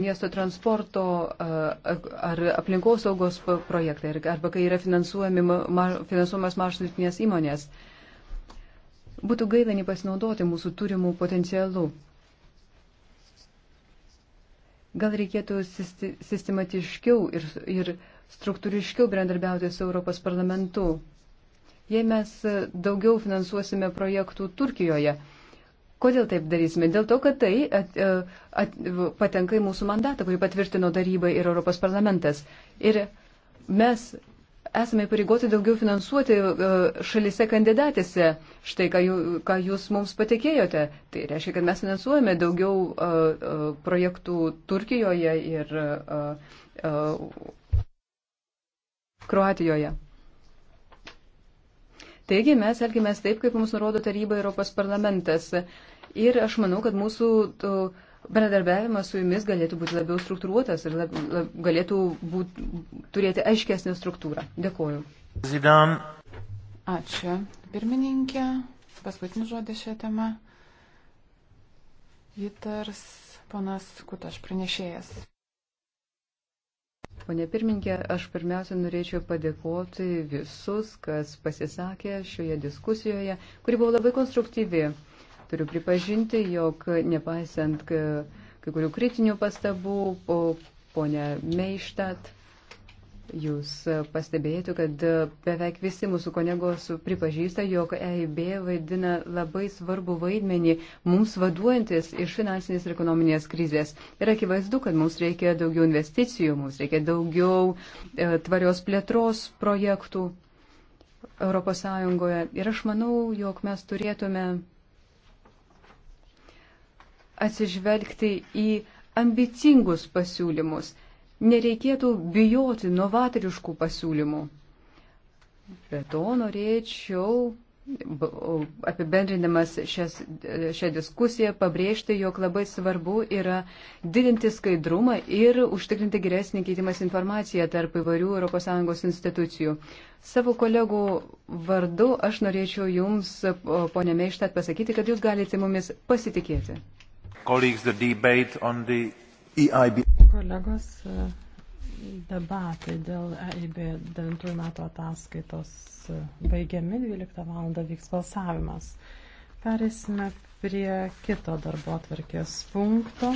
miesto transporto ar aplinkosaugos projektai, arba kai yra finansuojamas mažos vidutinės įmonės. Būtų gaila nepasinaudoti mūsų turimų potencialų. Gal reikėtų sistematiškiau ir, ir struktūriškiau bendradarbiauti su Europos parlamentu. Jei mes daugiau finansuosime projektų Turkijoje, kodėl taip darysime? Dėl to, kad tai at, e, at, patenka į mūsų mandatą, kurį patvirtino taryba ir Europos parlamentas. Ir mes esame pareigoti daugiau finansuoti e, šalise kandidatėse. Štai ką, jų, ką jūs mums patikėjote. Tai reiškia, kad mes finansuojame daugiau e, e, projektų Turkijoje ir Kroatijoje. Taigi mes elgimės taip, kaip mums nurodo taryba Europos parlamentas. Ir aš manau, kad mūsų uh, bendradarbiavimas su jumis galėtų būti labiau struktūruotas ir lab, lab, galėtų būt, turėti aiškesnę struktūrą. Dėkuoju. Zidam. Ačiū. Pirmininkė, paskutinis žodis šią temą. Jitars ponas Kutaš pranešėjas. Pone pirmininkė, aš pirmiausia norėčiau padėkoti visus, kas pasisakė šioje diskusijoje, kuri buvo labai konstruktyvi. Turiu pripažinti, jog nepaisant kai kurių kritinių pastabų, po, ponia Meištat, jūs pastebėjote, kad beveik visi mūsų kolegos pripažįsta, jog EIB vaidina labai svarbu vaidmenį mums vaduojantis iš finansinės ir ekonominės krizės. Ir akivaizdu, kad mums reikia daugiau investicijų, mums reikia daugiau e, tvarios plėtros projektų. Europos Sąjungoje. Ir aš manau, jog mes turėtume atsižvelgti į ambicingus pasiūlymus. Nereikėtų bijoti novatoriškų pasiūlymų. Be to norėčiau, apibendrinamas šias, šią diskusiją, pabrėžti, jog labai svarbu yra didinti skaidrumą ir užtikrinti geresnį keitimas informaciją tarp įvairių ES institucijų. Savo kolegų vardu aš norėčiau Jums, ponė Meištat, pasakyti, kad Jūs galite mumis pasitikėti. E Kolegos, debatai dėl EIB 9 metų ataskaitos baigiami, 12 val. vyks balsavimas. Perėsime prie kito darbo atvarkės punkto.